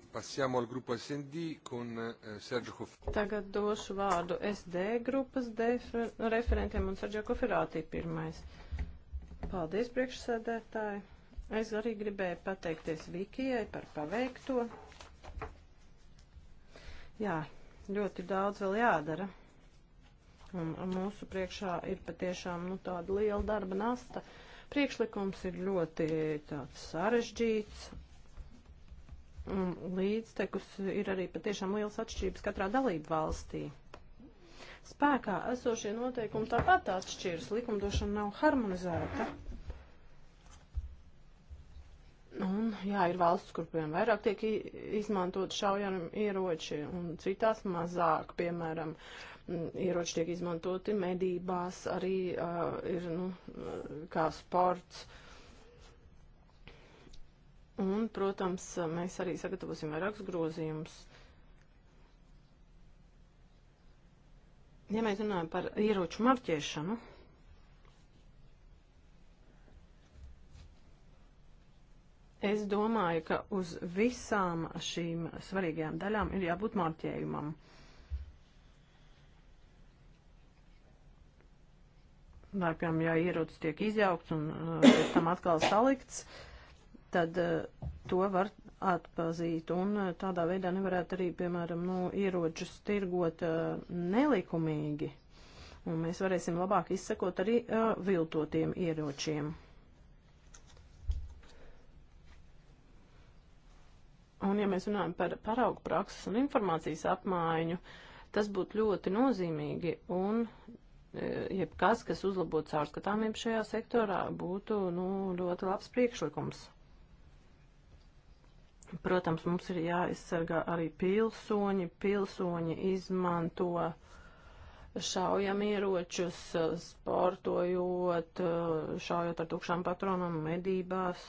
Tagad došu vārdu SD grupas referentiem un Sergio Koferātī pirmais. Paldies, priekšsēdētāji! Es arī gribēju pateikties Vikijai par paveikto. Jā, ļoti daudz vēl jādara. Un, un mūsu priekšā ir patiešām nu, tāda liela darba nasta. Priekšlikums ir ļoti tāds sarežģīts. Un līdztekus ir arī patiešām liels atšķirības katrā dalību valstī. Spēkā esošie noteikumi tāpat atšķiras, likumdošana nav harmonizēta. Un, jā, ir valsts, kur piemēram vairāk tiek izmantot šaujami ieroči un citās mazāk, piemēram. Uh, Mm, ieroči tiek izmantoti medībās, arī uh, ir nu, kā sports. Un, protams, mēs arī sagatavosim vairākus grozījumus. Ja mēs runājam par ieroču marķēšanu, es domāju, ka uz visām šīm svarīgajām daļām ir jābūt marķējumam. Uh, vai, piemēram, ja ierodas tiek izjaukts un uh, pēc tam atkal salikts, tad uh, to var atpazīt. Un uh, tādā veidā nevarētu arī, piemēram, nu, ieročus tirgot nelikumīgi. Un mēs varēsim labāk izsekot arī viltotiem ieročiem. Un, ja mēs runājam par paraugu prakses un informācijas apmaiņu, tas būtu ļoti nozīmīgi. Un jebkas, kas uzlabotu caurskatāmību šajā sektorā, būtu nu, ļoti labs priekšlikums. Protams, mums ir jāaizsargā arī pilsoņi. Pilsoņi izmanto šaujamieročus, sportojot, šaujot ar tukšām patronām medībās.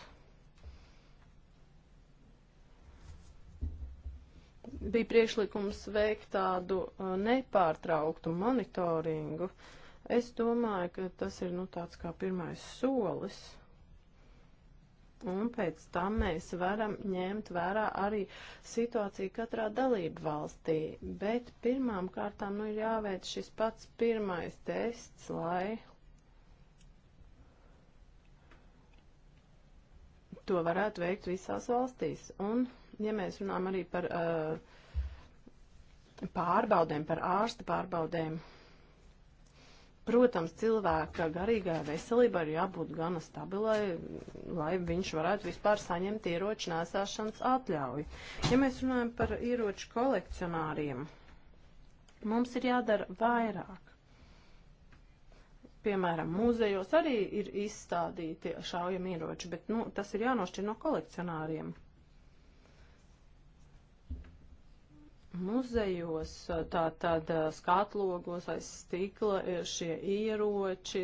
bija priekšlikums veikt tādu uh, nepārtrauktu monitoringu. Es domāju, ka tas ir nu, tāds kā pirmais solis. Un pēc tam mēs varam ņemt vērā arī situāciju katrā dalību valstī. Bet pirmām kārtām nu, ir jāveic šis pats pirmais tests, lai to varētu veikt visās valstīs. Un ja mēs runājam arī par uh, pārbaudēm, par ārsta pārbaudēm, protams, cilvēka garīgajai veselībai ir jābūt gana stabilai, lai viņš varētu vispār saņemt ieroču nēsāšanas atļauju. Ja mēs runājam par ieroču kolekcionāriem, mums ir jādara vairāk piemēram, mūzejos arī ir izstādīti šaujamieroči, bet nu, tas ir jānošķir no kolekcionāriem. muzejos, tā tad skatlogos aiz stikla ir šie ieroči,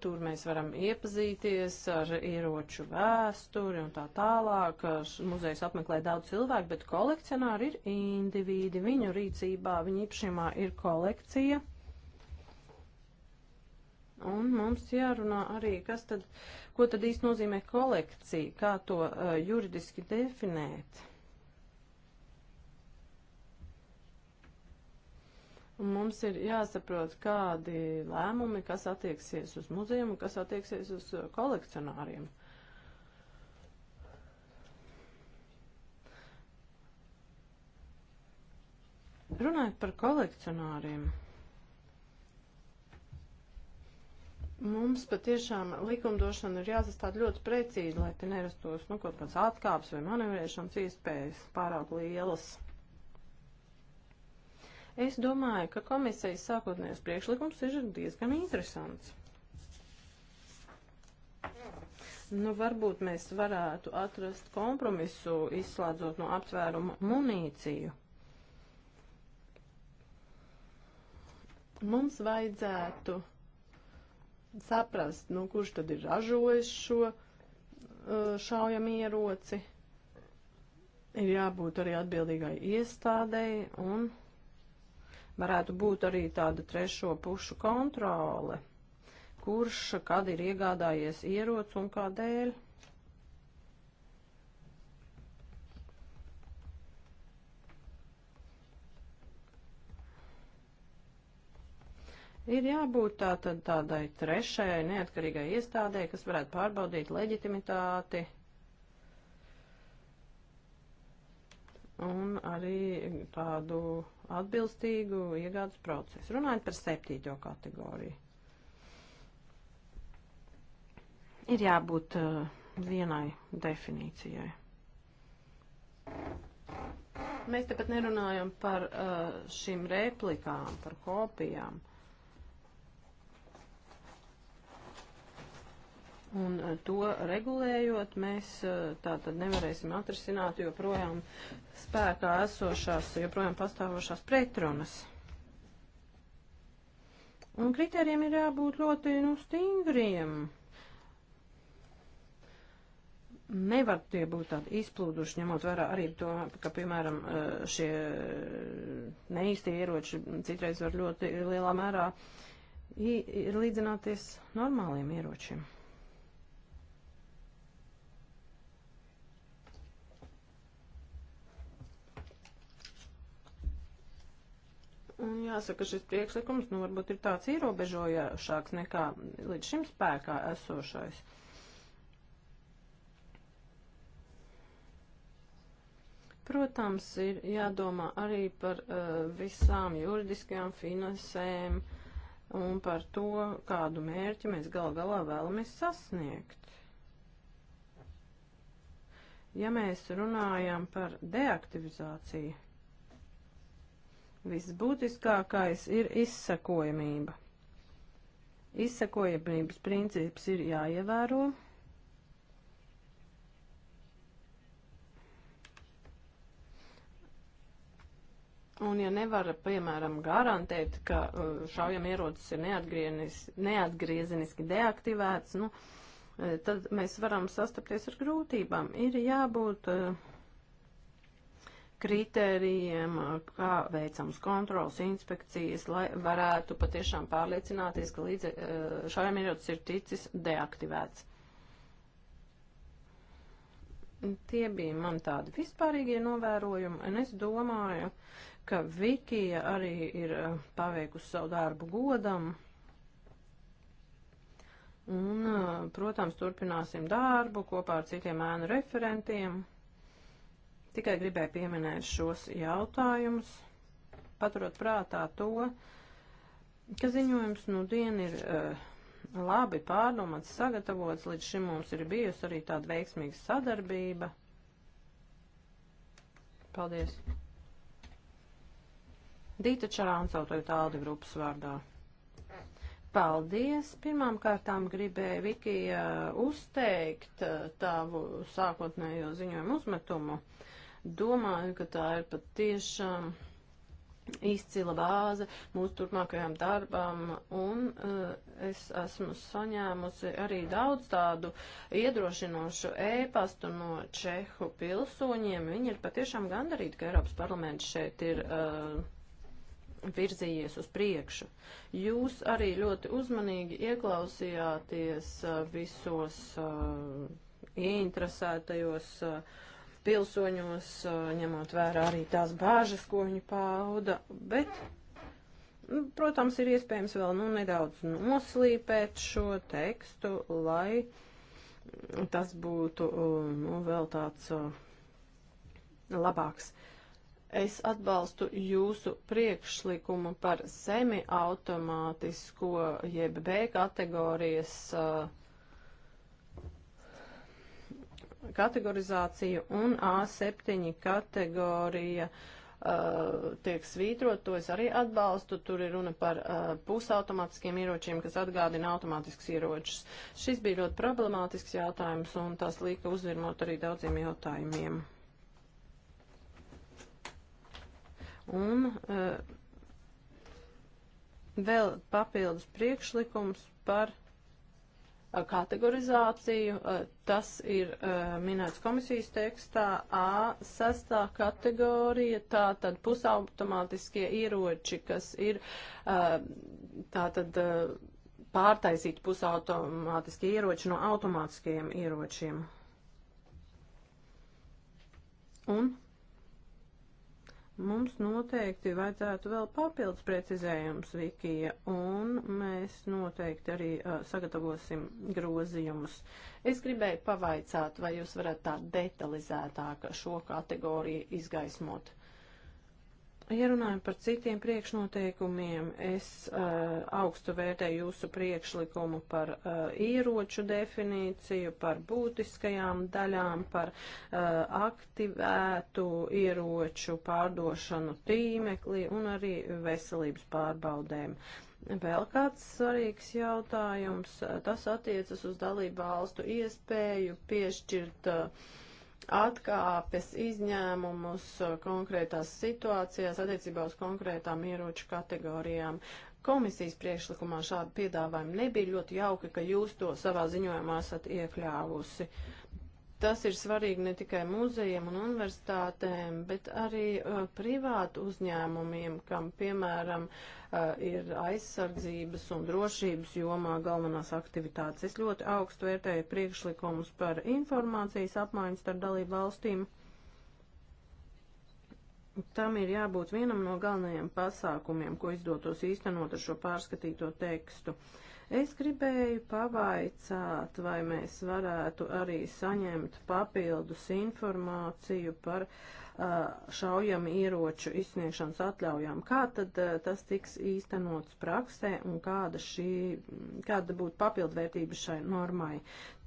tur mēs varam iepazīties ar ieroču vēsturi un tā tālāk. Muzejus apmeklē daudz cilvēku, bet kolekcionāri ir individi, viņu rīcībā, viņu īpašumā ir kolekcija. Un mums jārunā arī, kas tad, ko tad īsti nozīmē kolekcija, kā to uh, juridiski definēt. Un mums ir jāsaprot, kādi lēmumi, kas attieksies uz muzejiem un kas attieksies uz uh, kolekcionāriem. Runājot par kolekcionāriem, mums patiešām likumdošana ir jāsastāv ļoti precīzi, lai te nerastos nu, kaut kāds atkāps vai manevrēšanas iespējas pārāk lielas. Es domāju, ka komisijas sākotnējais priekšlikums ir diezgan interesants. Nu, varbūt mēs varētu atrast kompromisu, izslēdzot no aptvēruma munīciju. Mums vajadzētu saprast, nu, kurš tad ir ražojis šo uh, šaujamieroci. Ir jābūt arī atbildīgai iestādēji un varētu būt arī tāda trešo pušu kontrole, kurš kad ir iegādājies ierots un kādēļ. Ir jābūt tā, tad, tādai trešajai neatkarīgai iestādē, kas varētu pārbaudīt leģitimitāti un arī tādu atbilstīgu iegādes procesu. Runājot par septīto kategoriju. Ir jābūt uh, vienai definīcijai. Mēs tepat nerunājam par uh, šīm replikām, par kopijām. Un eh, to regulējot, mēs eh, tā tad nevarēsim atrisināt joprojām spēkā esošās, joprojām pastāvošās pretrunas. Un kritērijiem ir jābūt ļoti nu, stingriem. Nevar tie būt tādi izplūduši, ņemot vērā arī to, ka, piemēram, eh, šie neīstie ieroči citreiz var ļoti lielā mērā līdzināties normāliem ieročiem. Un jāsaka, šis priekšlikums nu, varbūt ir tāds ierobežojošāks nekā līdz šim spēkā esošais. Protams, ir jādomā arī par uh, visām juridiskajām finansēm un par to, kādu mērķi mēs gal galā vēlamies sasniegt. Ja mēs runājam par deaktivizāciju, Visbūtiskākais ir izsakojamība. Izsakojamības princips ir jāievēro. Un ja nevar, piemēram, garantēt, ka uh, šaujam ierocis ir neatgriezeniski deaktivēts, nu, eh, tad mēs varam sastapties ar grūtībām. Ir jābūt uh, kritērijiem, kā veicams kontrols, inspekcijas, lai varētu patiešām pārliecināties, ka līdz eh, šaujamierocis ir ticis deaktivēts. Tie bija man tādi vispārīgie novērojumi, un es domāju, ka Vikija arī ir eh, paveikusi savu darbu godam. Un, eh, protams, turpināsim darbu kopā ar citiem ēnu referentiem Tikai gribēju pieminēt šos jautājumus, paturot prātā to, ka ziņojums nu dien ir uh, labi pārdomāts, sagatavots, līdz šim mums ir bijusi arī tāda veiksmīga sadarbība. Paldies! Dīta Čarānsautoja tāda grupas vārdā. Paldies! Pirmām kārtām gribēju, Vikija, eh, uzteikt eh, tavu sākotnējo ziņojumu uzmetumu. Uh, Domāju, ka tā ir pat tiešām izcila bāze mūsu turpmākajām darbām, un uh, es esmu saņēmusi arī daudz tādu iedrošinošu ēpastu no čehu pilsoņiem. Viņi ir patiešām gandarīti, ka Eiropas parlaments šeit ir. Uh, virzījies uz priekšu. Jūs arī ļoti uzmanīgi ieklausījāties uh, visos uh, ieinteresētajos uh, pilsoņos, ņemot vērā arī tās bāžas, ko viņi pauda, bet, nu, protams, ir iespējams vēl nu, nedaudz noslīpēt šo tekstu, lai tas būtu nu, vēl tāds labāks. Es atbalstu jūsu priekšlikumu par semi-automātisko jeb B kategorijas uh, kategorizāciju un A7 kategorija uh, tiek svītrot, to es arī atbalstu. Tur ir runa par uh, pusautomātiskiem ieročiem, kas atgādina automātisks ieročus. Šis bija ļoti problemātisks jautājums, un tas lika uzvirmot arī daudziem jautājumiem. Un uh, vēl papildus priekšlikums par kategorizāciju. Tas ir minēts komisijas tekstā A6 kategorija, tātad pusautomātiskie ieroči, kas ir tātad pārtaisīti pusautomātiskie ieroči no automātiskajiem ieročiem. Un Mums noteikti vajadzētu vēl papildus precizējums, Vikija, un mēs noteikti arī uh, sagatavosim grozījumus. Es gribēju pavaicāt, vai jūs varat tā detalizētāk šo kategoriju izgaismot. Ja runājam par citiem priekšnoteikumiem, es uh, augstu vērtēju jūsu priekšlikumu par uh, ieroču definīciju, par būtiskajām daļām, par uh, aktivētu ieroču pārdošanu tīmeklī un arī veselības pārbaudēm. Vēl kāds svarīgs jautājums, tas attiecas uz dalību valstu iespēju piešķirt uh, atkāpes izņēmumus konkrētās situācijās attiecībā uz konkrētām ieroču kategorijām. Komisijas priekšlikumā šādu piedāvājumu nebija ļoti jauki, ka jūs to savā ziņojumā esat iekļāvusi. Tas ir svarīgi ne tikai muzejiem un universitātēm, bet arī uh, privātu uzņēmumiem, kam, piemēram, uh, ir aizsardzības un drošības jomā galvenās aktivitātes. Es ļoti augstu vērtēju priekšlikumus par informācijas apmaiņu starp dalību valstīm. Tam ir jābūt vienam no galvenajiem pasākumiem, ko izdotos īstenot ar šo pārskatīto tekstu. Es gribēju pavaicāt, vai mēs varētu arī saņemt papildus informāciju par uh, šaujam ieroču izsniegšanas atļaujām. Kā tad tas tiks īstenots praksē un kāda, šī, kāda būtu papildvērtība šai normai?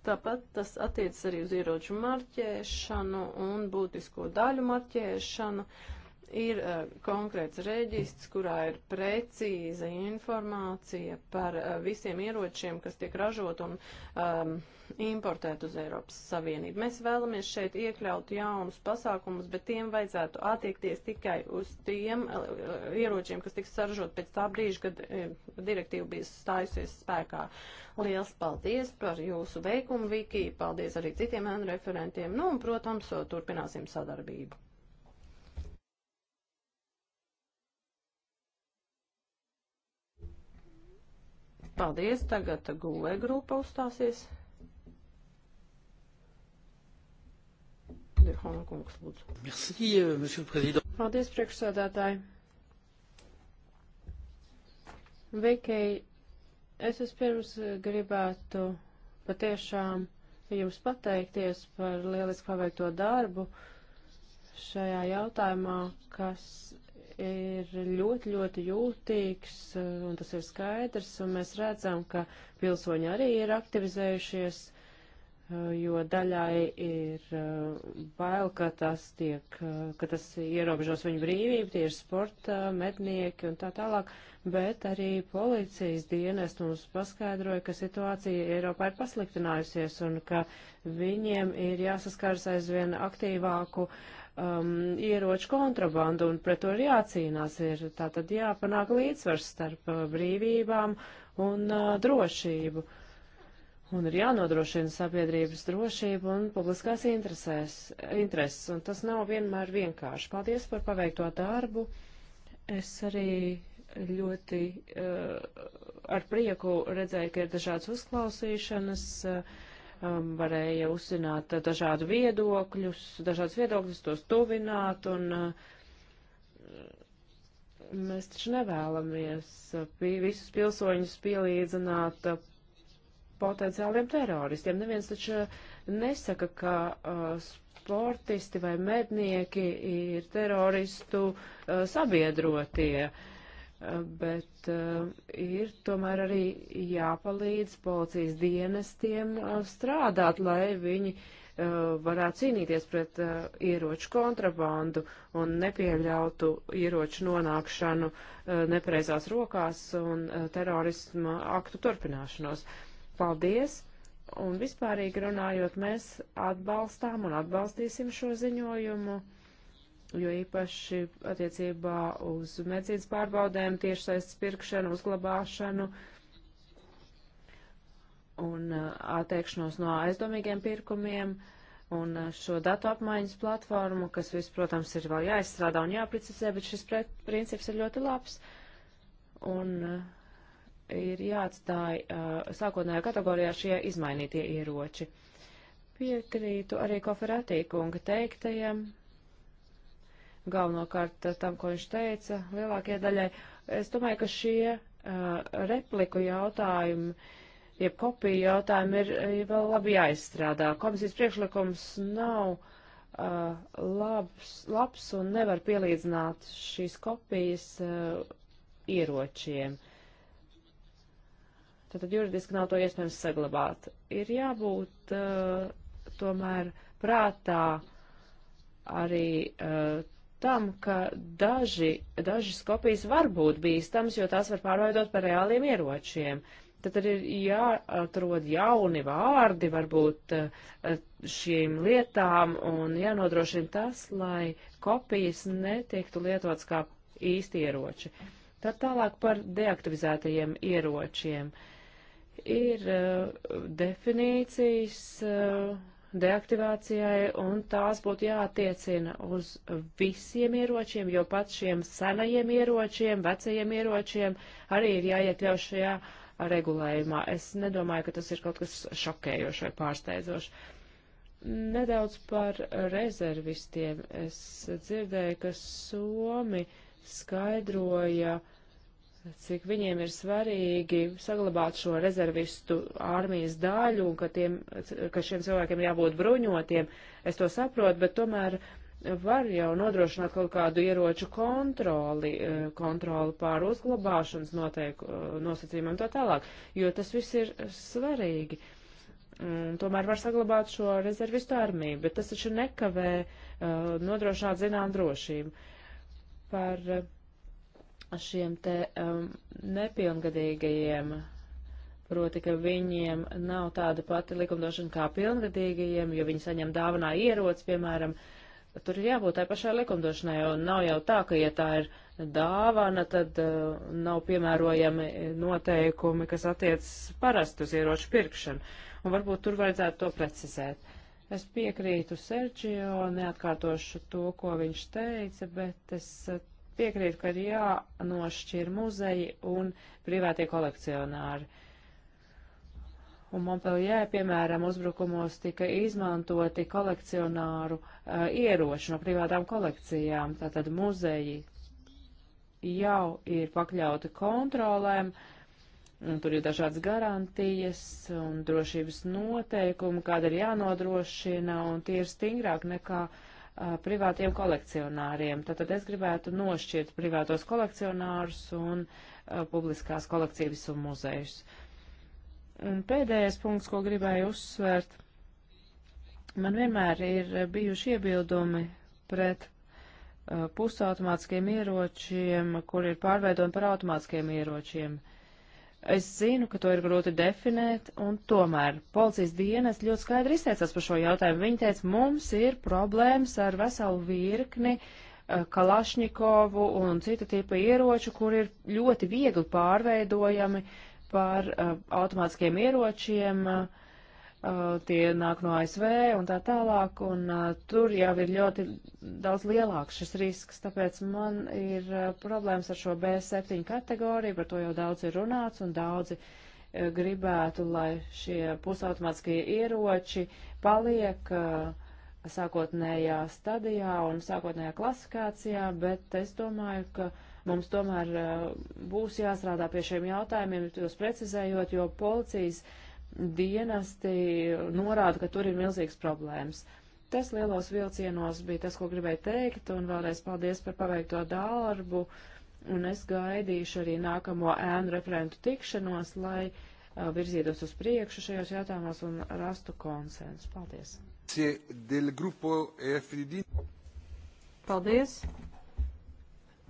Tāpat tas attiecas arī uz ieroču marķēšanu un būtisko daļu marķēšanu. Uh, ir uh, konkrēts reģists, kurā ir precīza informācija par uh, visiem ieročiem, kas tiek ražot un um, importēt uz Eiropas Savienību. Mēs vēlamies šeit iekļaut jaunus pasākumus, bet tiem vajadzētu attiekties tikai uz tiem uh, ieročiem, kas tiks saražot pēc tā brīža, kad uh, direktīva bija stājusies spēkā. Liels paldies par jūsu veikumu, Viki, paldies arī citiem referentiem, nu un, protams, turpināsim sadarbību. Paldies, tagad gulē grupa uzstāsies. Dirhona kungs, lūdzu. Merci, euh, monsieur prezident. Paldies, priekšsādātāji. Vikei, es vispirms gribētu patiešām jums pateikties par lieliski paveikto darbu šajā jautājumā, kas ir ļoti, ļoti jūtīgs, uh, un tas ir skaidrs, un mēs redzam, ka pilsoņi arī ir aktivizējušies, uh, jo daļai ir uh, bail, ka tas tiek, ka tas ierobežos viņu brīvību, tie ir sporta, mednieki un tā tālāk, bet arī policijas dienest mums paskaidroja, ka situācija Eiropā ir pasliktinājusies un ka viņiem ir jāsaskars aizvien aktīvāku uh, um, ieroču kontrabandu, un pret to ir jācīnās. Ir tātad jāpanāk līdzsvars starp uh, brīvībām un uh, drošību. Un ir jānodrošina sabiedrības drošība un publiskās interesēs, intereses, un tas nav vienmēr vienkārši. Paldies par paveikto darbu. Es arī ļoti uh, ar prieku redzēju, ka ir dažādas uzklausīšanas. Uh, um, varēja uzzināt dažādu viedokļus, dažādas viedokļus, tos tuvināt, un uh, mēs taču nevēlamies uh, pi visus pilsoņus pielīdzināt uh, potenciāliem teroristiem. Neviens taču nesaka, ka uh, sportisti vai mednieki ir teroristu uh, sabiedrotie. Uh, bet uh, ir tomēr arī jāpalīdz policijas dienestiem uh, strādāt, lai viņi uh, varētu cīnīties pret ieroču kontrabandu un nepieļautu ieroču nonākšanu nepareizās rokās un terorisma aktu turpināšanos. Paldies! Un vispārīgi runājot, mēs atbalstām un atbalstīsim šo ziņojumu jo īpaši attiecībā uz medicīnas pārbaudēm, tiešsaistes pirkšanu, uzglabāšanu un uh, atteikšanos no aizdomīgiem pirkumiem un uh, šo datu apmaiņas platformu, kas viss, protams, ir vēl jāizstrādā un jāprecizē, bet šis pret, princips ir ļoti labs. Un uh, ir jāatstāj uh, sākotnējā kategorijā šie izmainītie ieroči. Piekrītu arī koferatī kunga teiktajam, galvenokārt eh, tam, ko viņš teica lielākajai daļai. Es domāju, ka šie eh, repliku jautājumi, jeb kopiju jautājumi ir eh, vēl labi jāizstrādā. Komisijas priekšlikums nav labs, labs un nevar pielīdzināt šīs kopijas ieročiem. Tātad juridiski nav to iespējams saglabāt. Ir jābūt tomēr prātā arī uh, tam, ka daži, dažas kopijas var būt bīstams, jo tās var pārveidot par reāliem ieročiem. Tad ir jāatrod jauni vārdi varbūt eh, šīm lietām un jānodrošina tas, lai kopijas netiektu lietots kā īsti ieroči. Tad tālāk par deaktivizētajiem ieročiem. Ir uh, definīcijas. Uh, deaktivācijai, un tās būtu jātiecina uz visiem ieročiem, jo pat šiem senajiem ieročiem, vecajiem ieročiem arī ir jāiekļauj šajā regulējumā. Es nedomāju, ka tas ir kaut kas šokējošs vai pārsteidzošs. Nedaudz par rezervistiem. Es dzirdēju, ka Somi skaidroja uh, cik viņiem ir svarīgi saglabāt šo rezervistu armijas daļu un ka, tiem, ka šiem cilvēkiem jābūt bruņotiem. Es to saprotu, bet tomēr var jau nodrošināt kaut kādu ieroču kontroli, e, kontroli pār uzglabāšanas noteiku, e, nosacījumiem un tā tālāk, jo tas viss ir svarīgi. Un tomēr var saglabāt šo rezervistu armiju, bet tas taču nekavē e, nodrošināt zinām drošību. Par uh, šiem te um, nepilngadīgajiem, proti, ka viņiem nav tāda pati likumdošana kā pilngadīgajiem, jo viņi saņem dāvanā ierots, piemēram, tur ir jābūt tai pašai likumdošanai, jo nav jau tā, ka, ja tā ir dāvana, tad uh, nav piemērojami noteikumi, kas attiecas parasti uz ieroču pirkšanu, un varbūt tur vajadzētu to precizēt. Es piekrītu Sergio, neatkārtošu to, ko viņš teica, bet es uh, piekrītu, ka ir jānošķir muzeji un privātie kolekcionāri. Un Montpellier, piemēram, uzbrukumos tika izmantoti kolekcionāru uh, ieroči no privātām kolekcijām. Tātad muzeji jau ir pakļauti kontrolēm, un tur ir dažādas garantijas un drošības noteikumi, kāda ir jānodrošina, un tie ir stingrāk nekā uh, privātiem kolekcionāriem. Tātad es gribētu nošķirt privātos kolekcionārus un a, publiskās kolekcijas un muzejus. Un pēdējais punkts, ko gribēju uzsvērt, man vienmēr ir bijuši iebildumi pret pusautomātiskiem ieročiem, kur ir pārveidojumi par automātiskiem ieročiem. Uh, Es zinu, ka to ir grūti definēt, un tomēr policijas dienas ļoti skaidri izteicās par šo jautājumu. Viņi teica, mums ir problēmas ar veselu virkni eh, Kalašņikovu un cita tipa ieroču, kur ir ļoti viegli pārveidojami par uh, automātiskiem ieročiem. Uh, Eh, tie nāk no ASV un tā tālāk, un eh, tur jau ir ļoti daudz lielāks šis risks, tāpēc man ir eh, problēmas ar šo B7 kategoriju, par to jau daudz ir runāts un daudzi gribētu, lai šie pusautomātiskie ieroči paliek sākotnējā stadijā un sākotnējā klasifikācijā, bet es domāju, ka mums tomēr būs jāstrādā pie šiem jautājumiem, tos precizējot, jo policijas uh, dienesti norāda, ka tur ir milzīgs problēmas. Tas lielos vilcienos bija tas, ko gribēju teikt, un vēlreiz paldies par paveikto darbu, un es gaidīšu arī nākamo ēnu referentu tikšanos, lai uh, virzītos uz priekšu šajos jautājumos un rastu konsensu. Paldies! E paldies!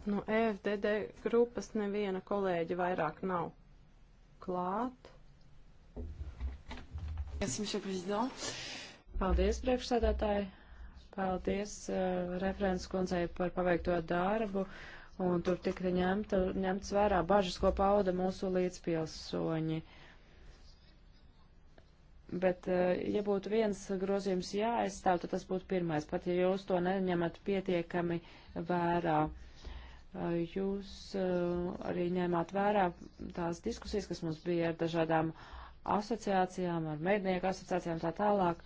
No EFDD grupas neviena kolēģa vairāk nav klāt. Paldies, priekšsādātāji! Paldies uh, referents kundzei par paveikto darbu, un tur tika ņemta, ņemts vērā bažas, ko pauda mūsu līdzpilsoņi. Bet, uh, ja būtu viens grozījums jāaizstāv, tad tas būtu pirmais, pat ja jūs to neņemat pietiekami vērā. Uh, jūs arī ņēmāt vērā tās diskusijas, kas mums bija ar dažādām uh, asociācijām, ar mednieku asociācijām tā tālāk.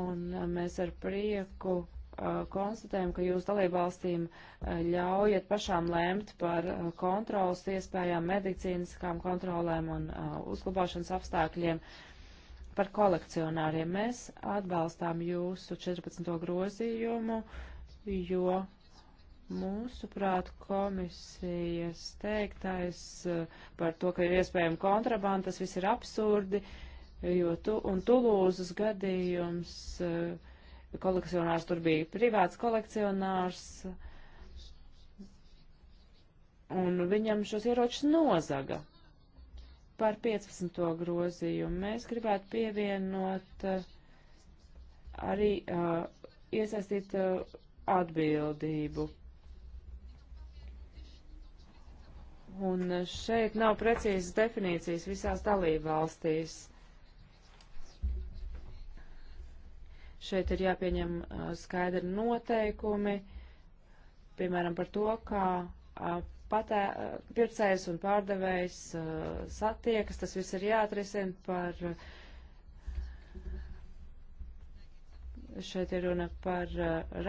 Un uh, mēs ar prieku uh, konstatējam, ka jūs dalībvalstīm uh, ļaujat pašām lēmt par uh, kontrolas iespējām, medicīniskām kontrolēm un uh, uzglabāšanas apstākļiem par kolekcionāriem. Mēs atbalstām jūsu 14. grozījumu, jo Mūsuprāt, komisijas teiktais eh, par to, ka ir iespējama kontrabanda, tas viss ir absurdi, jo tu un Tulūzas gadījums eh, kolekcionārs tur bija privāts kolekcionārs, un viņam šos ieročus nozaga. Par 15. grozījumu mēs gribētu pievienot eh, arī uh, iesaistīt uh, atbildību Un šeit nav precīzas definīcijas visās dalību valstīs. Šeit ir jāpieņem skaidri noteikumi, piemēram, par to, kā patē, pircējs un pārdevējs satiekas. Tas viss ir jāatrisina par. Šeit ir runa par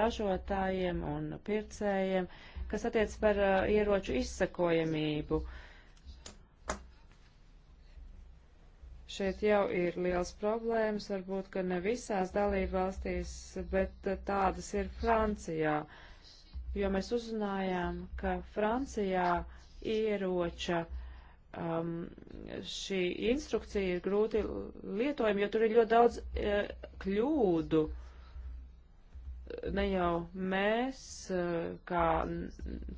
ražotājiem un pircējiem. Uh, Kas attiec par uh, ieroču izsakojamību, šeit jau ir liels problēmas, varbūt, ka ne visās dalībvalstīs, bet uh, tādas ir Francijā, jo mēs uzzinājām, ka Francijā ieroča uh, um, šī instrukcija ir grūti lietojama, jo tur ir ļoti daudz uh, kļūdu ne jau mēs, eh, kā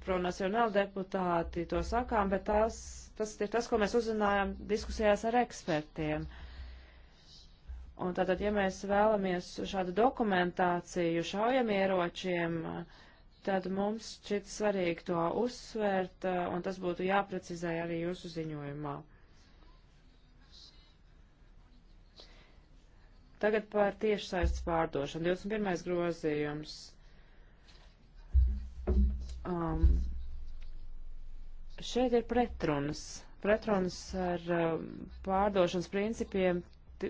pronacionāli deputāti, to sakām, bet tās, tas ir tas, ko mēs uzzinājām diskusijās ar ekspertiem. Un tātad, ja mēs vēlamies šādu dokumentāciju šaujamieročiem, tad mums šķiet svarīgi to uzsvērt, eh, un tas būtu jāprecizē arī jūsu ziņojumā. Tagad par tiešsaistes pārdošanu. 21. grozījums. Um, šeit ir pretrunas. Pretrunas ar um, pārdošanas principiem um,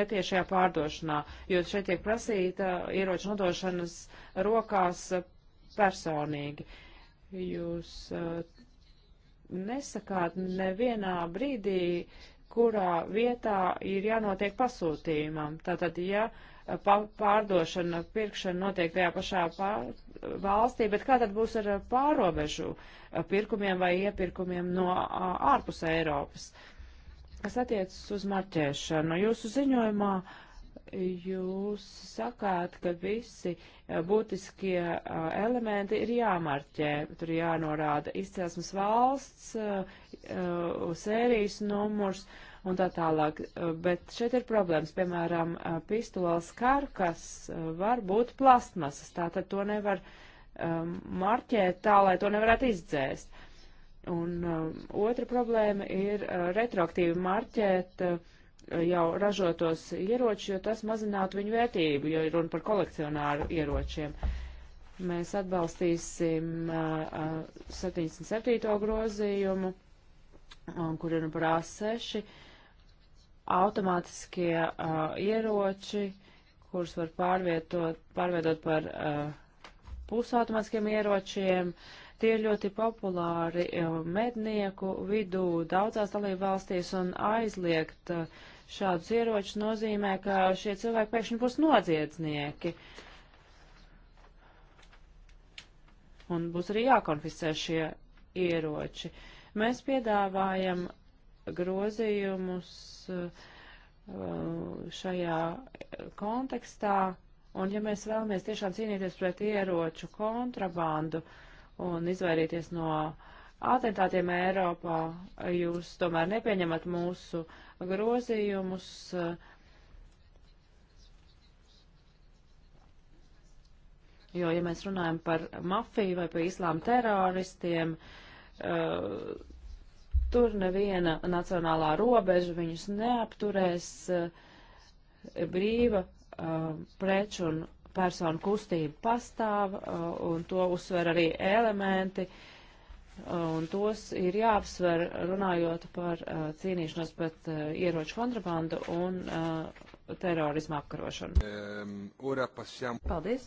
netiešajā pārdošanā, jo šeit tiek prasīta ieroču nodošanas rokās uh, personīgi. Jūs uh, nesakāt nevienā brīdī, kurā vietā ir jānotiek pasūtījumam. Tātad, ja pārdošana, pirkšana notiek tajā pašā pār, valstī, bet kā tad būs ar pārobežu pirkumiem vai iepirkumiem no ārpus Eiropas? Kas attiecas uz marķēšanu? Jūsu ziņojumā uh, jūs sakāt, ka visi būtiskie elementi ir jāmarķē. Tur jānorāda izcelsmes valsts, sērijas numurs un tā tālāk. Bet šeit ir problēmas. Piemēram, pistoles karkas var būt plastmasas, tātad to nevar marķēt tā, lai to nevarētu izdzēst. Un otra problēma ir retroaktīvi marķēt uh, jau ražotos ieroči, jo tas mazinātu viņu vērtību, jo ir runa par kolekcionāru ieročiem. Mēs atbalstīsim uh, 77. Uh, grozījumu, um, kur ir runa par A6, automātiskie uh, ieroči, kurus var pārvietot, pārvietot par uh, pusautomātiskiem ieročiem, uh, Tie ir ļoti populāri e, mednieku vidū daudzās dalībvalstīs un aizliegt e, šādus ieročus nozīmē, ka šie cilvēki pēkšņi būs noziedznieki. Un būs arī jākonfiscē šie ieroči. Mēs piedāvājam grozījumus e, šajā kontekstā, un ja mēs vēlamies tiešām cīnīties pret ieroču kontrabandu, uh, un izvairīties no atentātiem Eiropā. Jūs tomēr nepieņemat mūsu grozījumus. Jo, ja mēs runājam par mafiju vai par islāma teroristiem, uh, tur neviena nacionālā robeža viņus neapturēs. Uh, brīva uh, preču un personu kustība pastāv, uh, un to uzsver arī elementi, uh, un tos ir jāapsver runājot par uh, cīnīšanos pret ieroču kontrabandu un terorismu apkarošanu. Ehm, Paldies!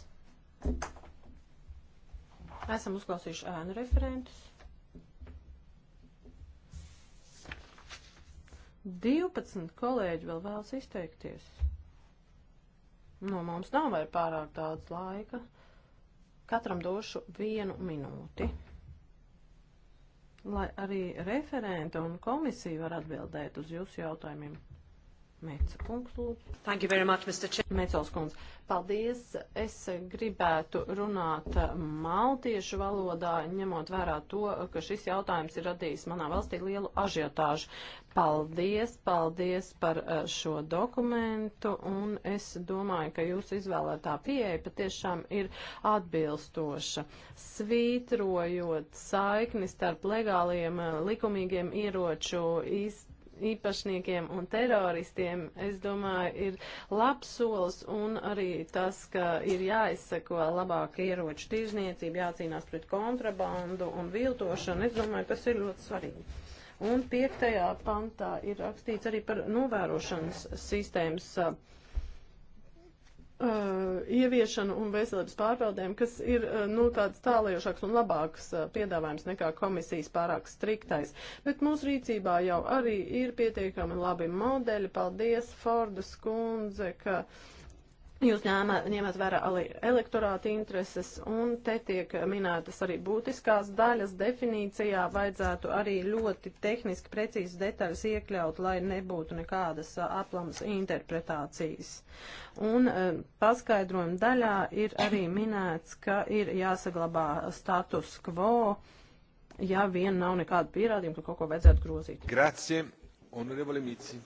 Esam uzklausījuši ēnu referentus. 12 kolēģi vēl vēlas izteikties. No nu, mums nav vairs pārāk daudz laika. Katram došu vienu minūti, lai arī referenta un komisija var atbildēt uz jūsu jautājumiem. Mēca kungs lūdzu. Thank you very much, Mr. Č. Mēcels kungs. Paldies. Es gribētu runāt maltiešu valodā, ņemot vērā to, ka šis jautājums ir radījis manā valstī lielu ažiotāžu. Paldies, paldies par eh, šo dokumentu, un es domāju, ka jūsu izvēlētā pieeja patiešām ir atbilstoša. Svītrojot saikni starp legāliem eh, likumīgiem ieroču izdevumu, īpašniekiem un teroristiem, es domāju, ir labs solis un arī tas, ka ir jāizsako labāka ieroču tirzniecība, jācīnās pret kontrabandu un viltošanu. Es domāju, tas ir ļoti svarīgi. Un piektajā pantā ir rakstīts arī par novērošanas sistēmas uh, Uh, ieviešanu un veselības pārbaudēm, kas ir uh, nu, tāds tālajošāks un labāks uh, piedāvājums nekā komisijas pārāk striktais. Bet mūsu rīcībā jau arī ir pietiekami labi modeļi. Paldies Fordas kundze, ka uh, Jūs ņēmā, ņemat vērā arī elektorāta intereses, un te tiek minētas arī būtiskās daļas definīcijā. Vajadzētu arī ļoti tehniski precīzi detaļas iekļaut, lai nebūtu nekādas aplams interpretācijas. Un e, paskaidrojuma daļā ir arī minēts, ka ir jāsaglabā status quo, ja vien nav nekāda pierādījuma, ka kaut ko vajadzētu grozīt. Grazie, honorevole Mici.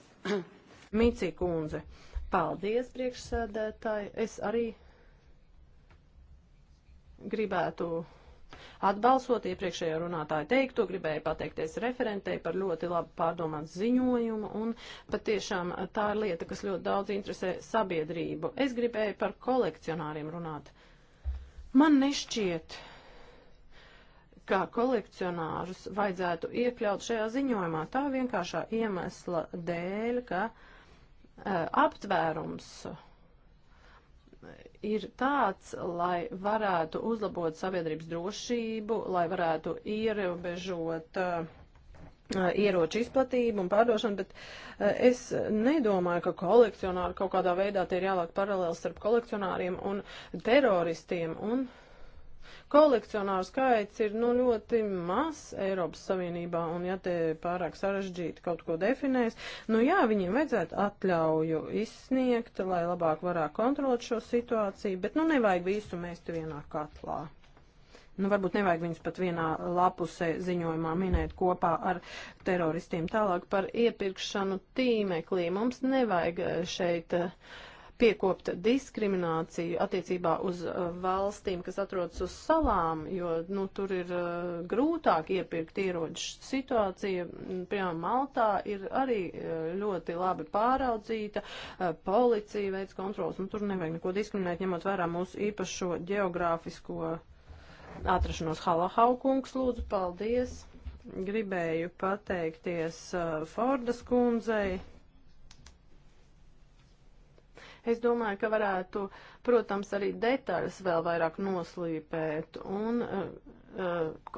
Mici kundze. Uh, Paldies, priekšsēdētāji. Es arī gribētu atbalstot iepriekšējo runātāju teikto, gribēju pateikties referentei par ļoti labu pārdomātu ziņojumu, un patiešām tā ir lieta, kas ļoti daudz interesē sabiedrību. Es gribēju par kolekcionāriem runāt. Man nešķiet, kā kolekcionārus vajadzētu iekļaut šajā ziņojumā tā vienkāršā iemesla dēļ, ka uh, Eh, aptvērums eh, ir tāds, lai varētu uzlabot sabiedrības drošību, lai varētu ierobežot uh, ieroču izplatību un pārdošanu, bet es nedomāju, ka kolekcionāri kaut kādā veidā tie ir jālāk paralēli starp kolekcionāriem un teroristiem. Un Kolekcionāru skaits ir nu, ļoti mazs Eiropas Savienībā, un ja te pārāk sarežģīti kaut ko definēs, nu jā, viņiem vajadzētu atļauju izsniegt, lai labāk varētu kontrolēt šo situāciju, bet nu nevajag visu mēst vienā katlā. Nu, varbūt nevajag viņus pat vienā lapusē ziņojumā minēt kopā ar teroristiem. Tālāk par iepirkšanu tīmeklī. Mums nevajag eh, šeit uh, piekopt diskrimināciju attiecībā uz uh, valstīm, kas atrodas uz salām, jo nu, tur ir uh, grūtāk iepirkt ieroģis. Situācija, mm, piemēram, Maltā ir arī uh, ļoti labi pāraudzīta, policija veids kontrols, un tur nevajag neko diskriminēt, ņemot vērā mūsu īpašo geogrāfisko atrašanos. Halahau kungs, lūdzu, paldies! Gribēju pateikties Fordas kundzei Es domāju, ka varētu, protams, arī detaļas vēl vairāk noslīpēt, un uh,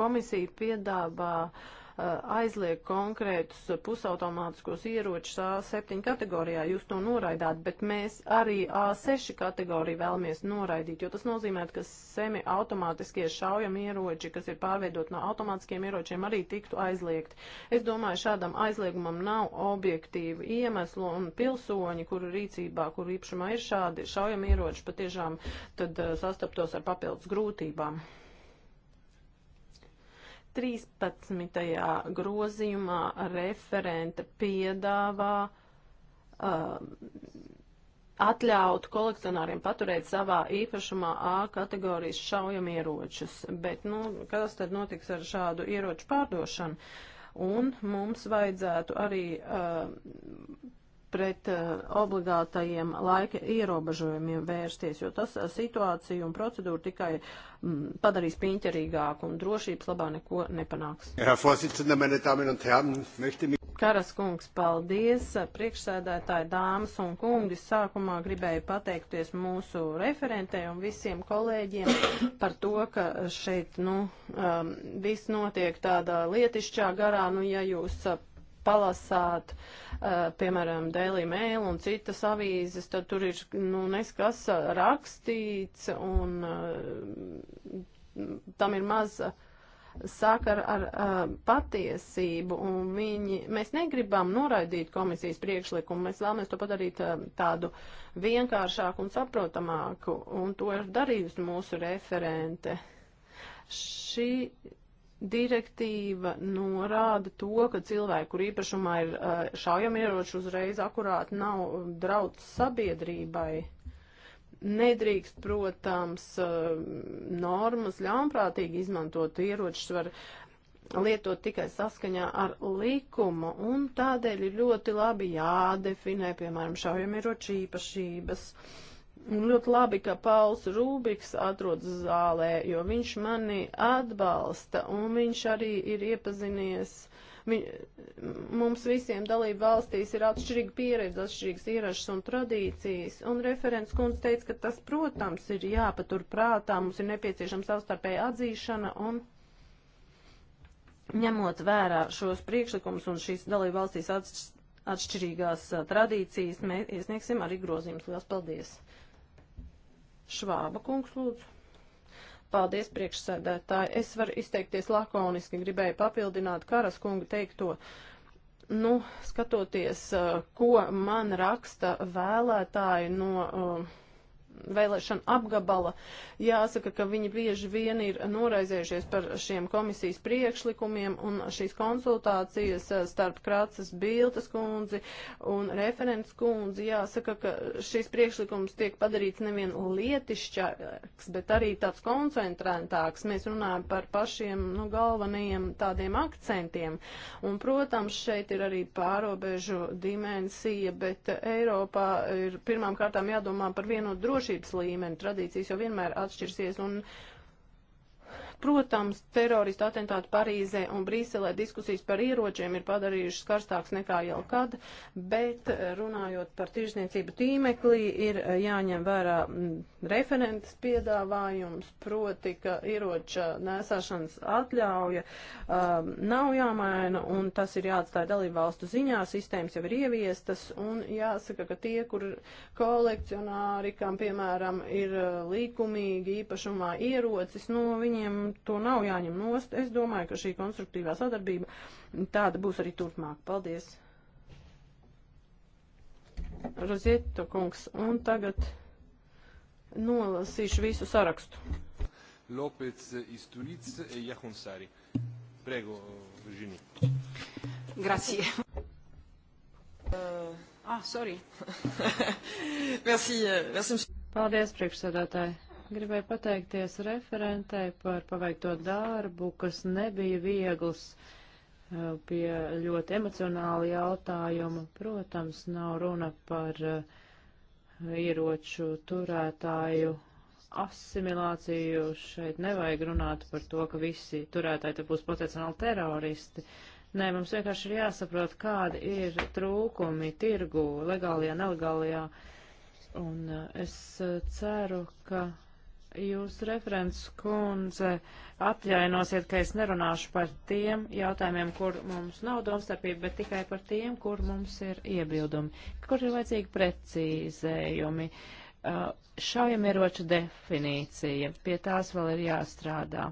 komisija piedāvā uh, Eh, aizliek konkrētus pusautomātiskos ieročus A7 kategorijā, jūs to noraidāt, bet mēs arī A6 kategoriju vēlamies noraidīt, jo tas nozīmē, ka semi automātiskie šaujami ieroči, kas ir pārveidot no automātiskiem ieročiem, arī tiktu aizliegti. Es domāju, šādam aizliegumam nav objektīvu iemeslu un pilsoņi, kuru rīcībā, kuru īpašumā ir šādi šaujami ieroči, patiešām tad eh, sastaptos ar papildus grūtībām. 13. grozījumā referente piedāvā uh, atļaut kolekcionāriem paturēt savā īpašumā A kategorijas šaujamieročus, bet nu, kas tad notiks ar šādu ieroču pārdošanu? Un mums vajadzētu arī uh, pret uh, obligātajiem laika ierobežojumiem vērsties, jo tas uh, situāciju un procedūru tikai mm, padarīs piņķerīgāku un drošības labā neko nepanāks. Karas kungs, paldies! Priekšsēdētāji, dāmas un kungi, sākumā gribēju pateikties mūsu referentē un visiem kolēģiem par to, ka šeit, nu, um, viss notiek tādā lietišķā garā, nu, ja jūs uh, palasāt, uh, piemēram, Daily Mail un citas avīzes, tad tur ir, nu, neskas eh, rakstīts un uh, tam ir maza sakara ar uh, patiesību, un viņi, mēs negribam noraidīt komisijas priekšlikumu, mēs vēlamies to padarīt uh, tādu vienkāršāku un saprotamāku, un to ir darījusi mūsu referente. Šī Direktīva norāda to, ka cilvēku, kur īpašumā ir šaujamieroči, uzreiz akurāti nav draudz sabiedrībai. Nedrīkst, protams, normas ļaunprātīgi izmantot ieročus, var lietot tikai saskaņā ar likumu, un tādēļ ir ļoti labi jādefinē, piemēram, šaujamieroči īpašības. Uh, Un ļoti labi, ka Pauls Rūbiks atrodas zālē, jo viņš mani atbalsta, un viņš arī ir iepazinies. Viņ, mums visiem dalību valstīs ir atšķirīga pieredze, atšķirīgas ierašas un tradīcijas, un referents kundze teica, ka tas, protams, ir jāpatur prātā, mums ir nepieciešama savstarpēja atzīšana un ņemot vērā šos priekšlikumus un šīs dalību valstīs atšķirīgās tradīcijas, mēs iesniegsim arī grozījumus. Lielas paldies! Švāba kungs lūdzu. Paldies, priekšsēdētāji. Es varu izteikties lakoniski, gribēju papildināt Karas kunga teikto. Nu, skatoties, uh, ko man raksta vēlētāji no. Uh, vēlēšana apgabala. Jāsaka, ka viņi bieži vien ir noraizējušies par šiem komisijas priekšlikumiem un šīs konsultācijas eh, starp Krācas Biltas kundzi un referents kundzi. Jāsaka, ka šis priekšlikums tiek padarīts nevien lietišķāks, bet arī tāds koncentrētāks. Mēs runājam par pašiem nu, galvenajiem tādiem akcentiem. Un, protams, šeit ir arī pārobežu dimensija, bet Eiropā ir pirmām kārtām jādomā par vienotu drošību drošības līmeni. Tradīcijas jau vienmēr atšķirsies un Protams, terorista atentāti Parīzē un Brīselē diskusijas par ieročiem ir padarījušas karstāks nekā jau kad, bet eh, runājot par tirzniecību tīmeklī, ir eh, jāņem vērā mm, referentes piedāvājums, proti, ka ieroča nēsāšanas atļauja um, nav jāmaina un tas ir jāatstāja dalību valstu ziņā, sistēmas jau ir ieviestas un jāsaka, ka tie, kur kolekcionāri, kam piemēram ir eh, līkumīgi īpašumā ierocis, nu, no viņiem un to nav jāņem nost. Es domāju, ka šī konstruktīvā sadarbība tāda būs arī turpmāk. Paldies! Rozieto kungs, un tagad nolasīšu visu sarakstu. Lopez Isturiz e Jahonsari. Prego, Virginie. Grazie. Uh, ah, sorry. <laughs> merci, euh, merci. Paldies, priekšsēdētāji. Gribēju pateikties referentē par paveikto darbu, kas nebija viegls eh, pie ļoti emocionāla jautājuma. Protams, nav runa par eh, ieroču turētāju asimilāciju. Šeit nevajag runāt par to, ka visi turētāji te būs potenciāli teroristi. Nē, mums vienkārši ir jāsaprot, kādi ir trūkumi tirgu, legālajā, nelegālajā. Un eh, es ceru, ka Jūs, referents kundze, atļainosiet, ka es nerunāšu par tiem jautājumiem, kur mums nav domstarpība, bet tikai par tiem, kur mums ir iebildumi, kur ir vajadzīgi precīzējumi. Uh, šaujamieroča definīcija, pie tās vēl ir jāstrādā.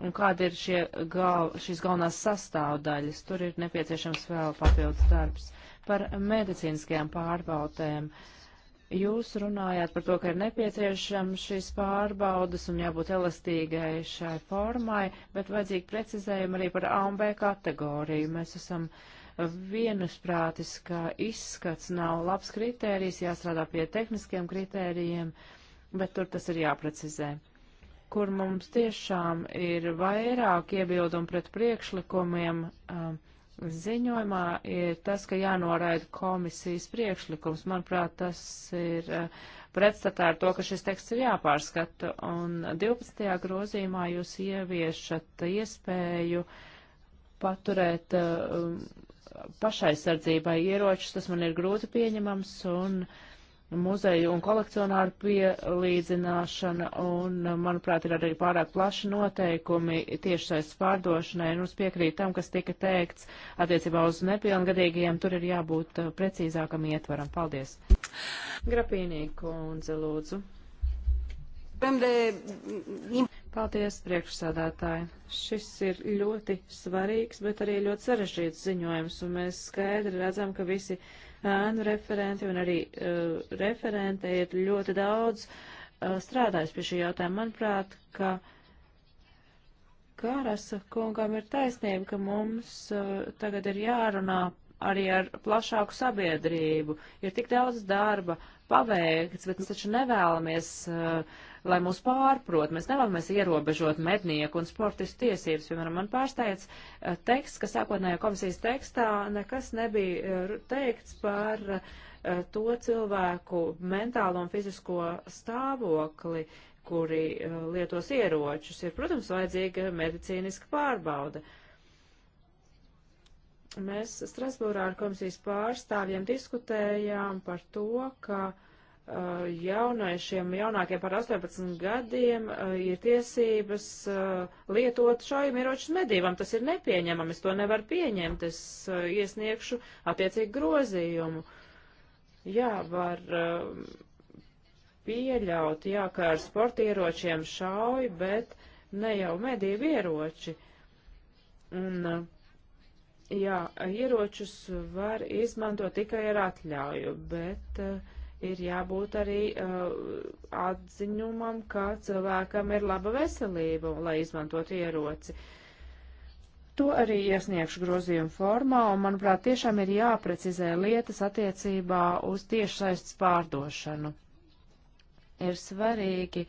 Un kāda ir šie gal, šīs galvenās sastāvdaļas? Tur ir nepieciešams vēl papildus darbs par medicīniskajām pārbaudēm. Uh, Jūs runājāt par to, ka ir nepieciešams šīs pārbaudas un jābūt elastīgai šai formai, bet vajadzīgi precizējumi arī par A un B kategoriju. Mēs esam vienusprātis, ka izskats nav labs kritērijs, jāstrādā pie tehniskiem kritērijiem, bet tur tas ir jāprecizē. Kur mums tiešām ir vairāk iebildumi pret priekšlikumiem. Um, ziņojumā ir tas, ka jānoraida komisijas priekšlikums. Manuprāt, tas ir eh, pretstatā ar to, ka šis teksts ir jāpārskata. Un 12. grozījumā jūs ieviešat iespēju paturēt eh, pašaizsardzībai ieročus. Tas man ir grūti pieņemams. Un, uh, muzeju un kolekcionāru pielīdzināšana, un, manuprāt, ir arī pārāk plaši noteikumi tiešsaistes pārdošanai, un es piekrītu tam, kas tika teikts attiecībā uz nepilngadīgajiem, tur ir jābūt uh, precīzākam ietvaram. Paldies! Grapīnīgi, kundze, lūdzu. Paldies, priekšsādātāji. Šis ir ļoti svarīgs, bet arī ļoti sarežģīts ziņojums, un mēs skaidri redzam, ka visi ēnu referenti un arī uh, referente ir ļoti daudz uh, eh, strādājis pie šī jautājuma. Manuprāt, ka Kārasa kungam ir taisnība, ka mums uh, tagad ir jārunā arī ar plašāku sabiedrību. Ir tik daudz darba paveikts, bet mēs taču nevēlamies, eh, lai mūs pārprot, mēs nevēlamies ierobežot mednieku un sportistu tiesības. Piemēram, man pārsteidz eh, teksts, ka sākotnējā komisijas tekstā nekas nebija eh, teikts par to cilvēku mentālo un fizisko stāvokli, kuri lietos ieročus. Ir, protams, vajadzīga medicīniska pārbauda. Uh, Mēs Strasbūrā ar komisijas pārstāvjiem diskutējām par to, ka uh, jauniešiem, jaunākiem par 18 gadiem, uh, ir tiesības uh, lietot šaujamieročus medībām. Tas ir nepieņemami, es to nevaru pieņemt, es uh, iesniegšu attiecīgu grozījumu. Jā, var uh, pieļaut, jā, ka ar sportieročiem šauj, bet ne jau medību ieroči. Un, uh, Jā, ieročus var izmantot tikai ar atļauju, bet uh, ir jābūt arī uh, atziņumam, ka cilvēkam ir laba veselība, lai izmantotu ieroci. To arī iesniegšu grozījumu formā, un, manuprāt, tiešām ir jāprecizē lietas attiecībā uz tiešsaistes pārdošanu. Ir svarīgi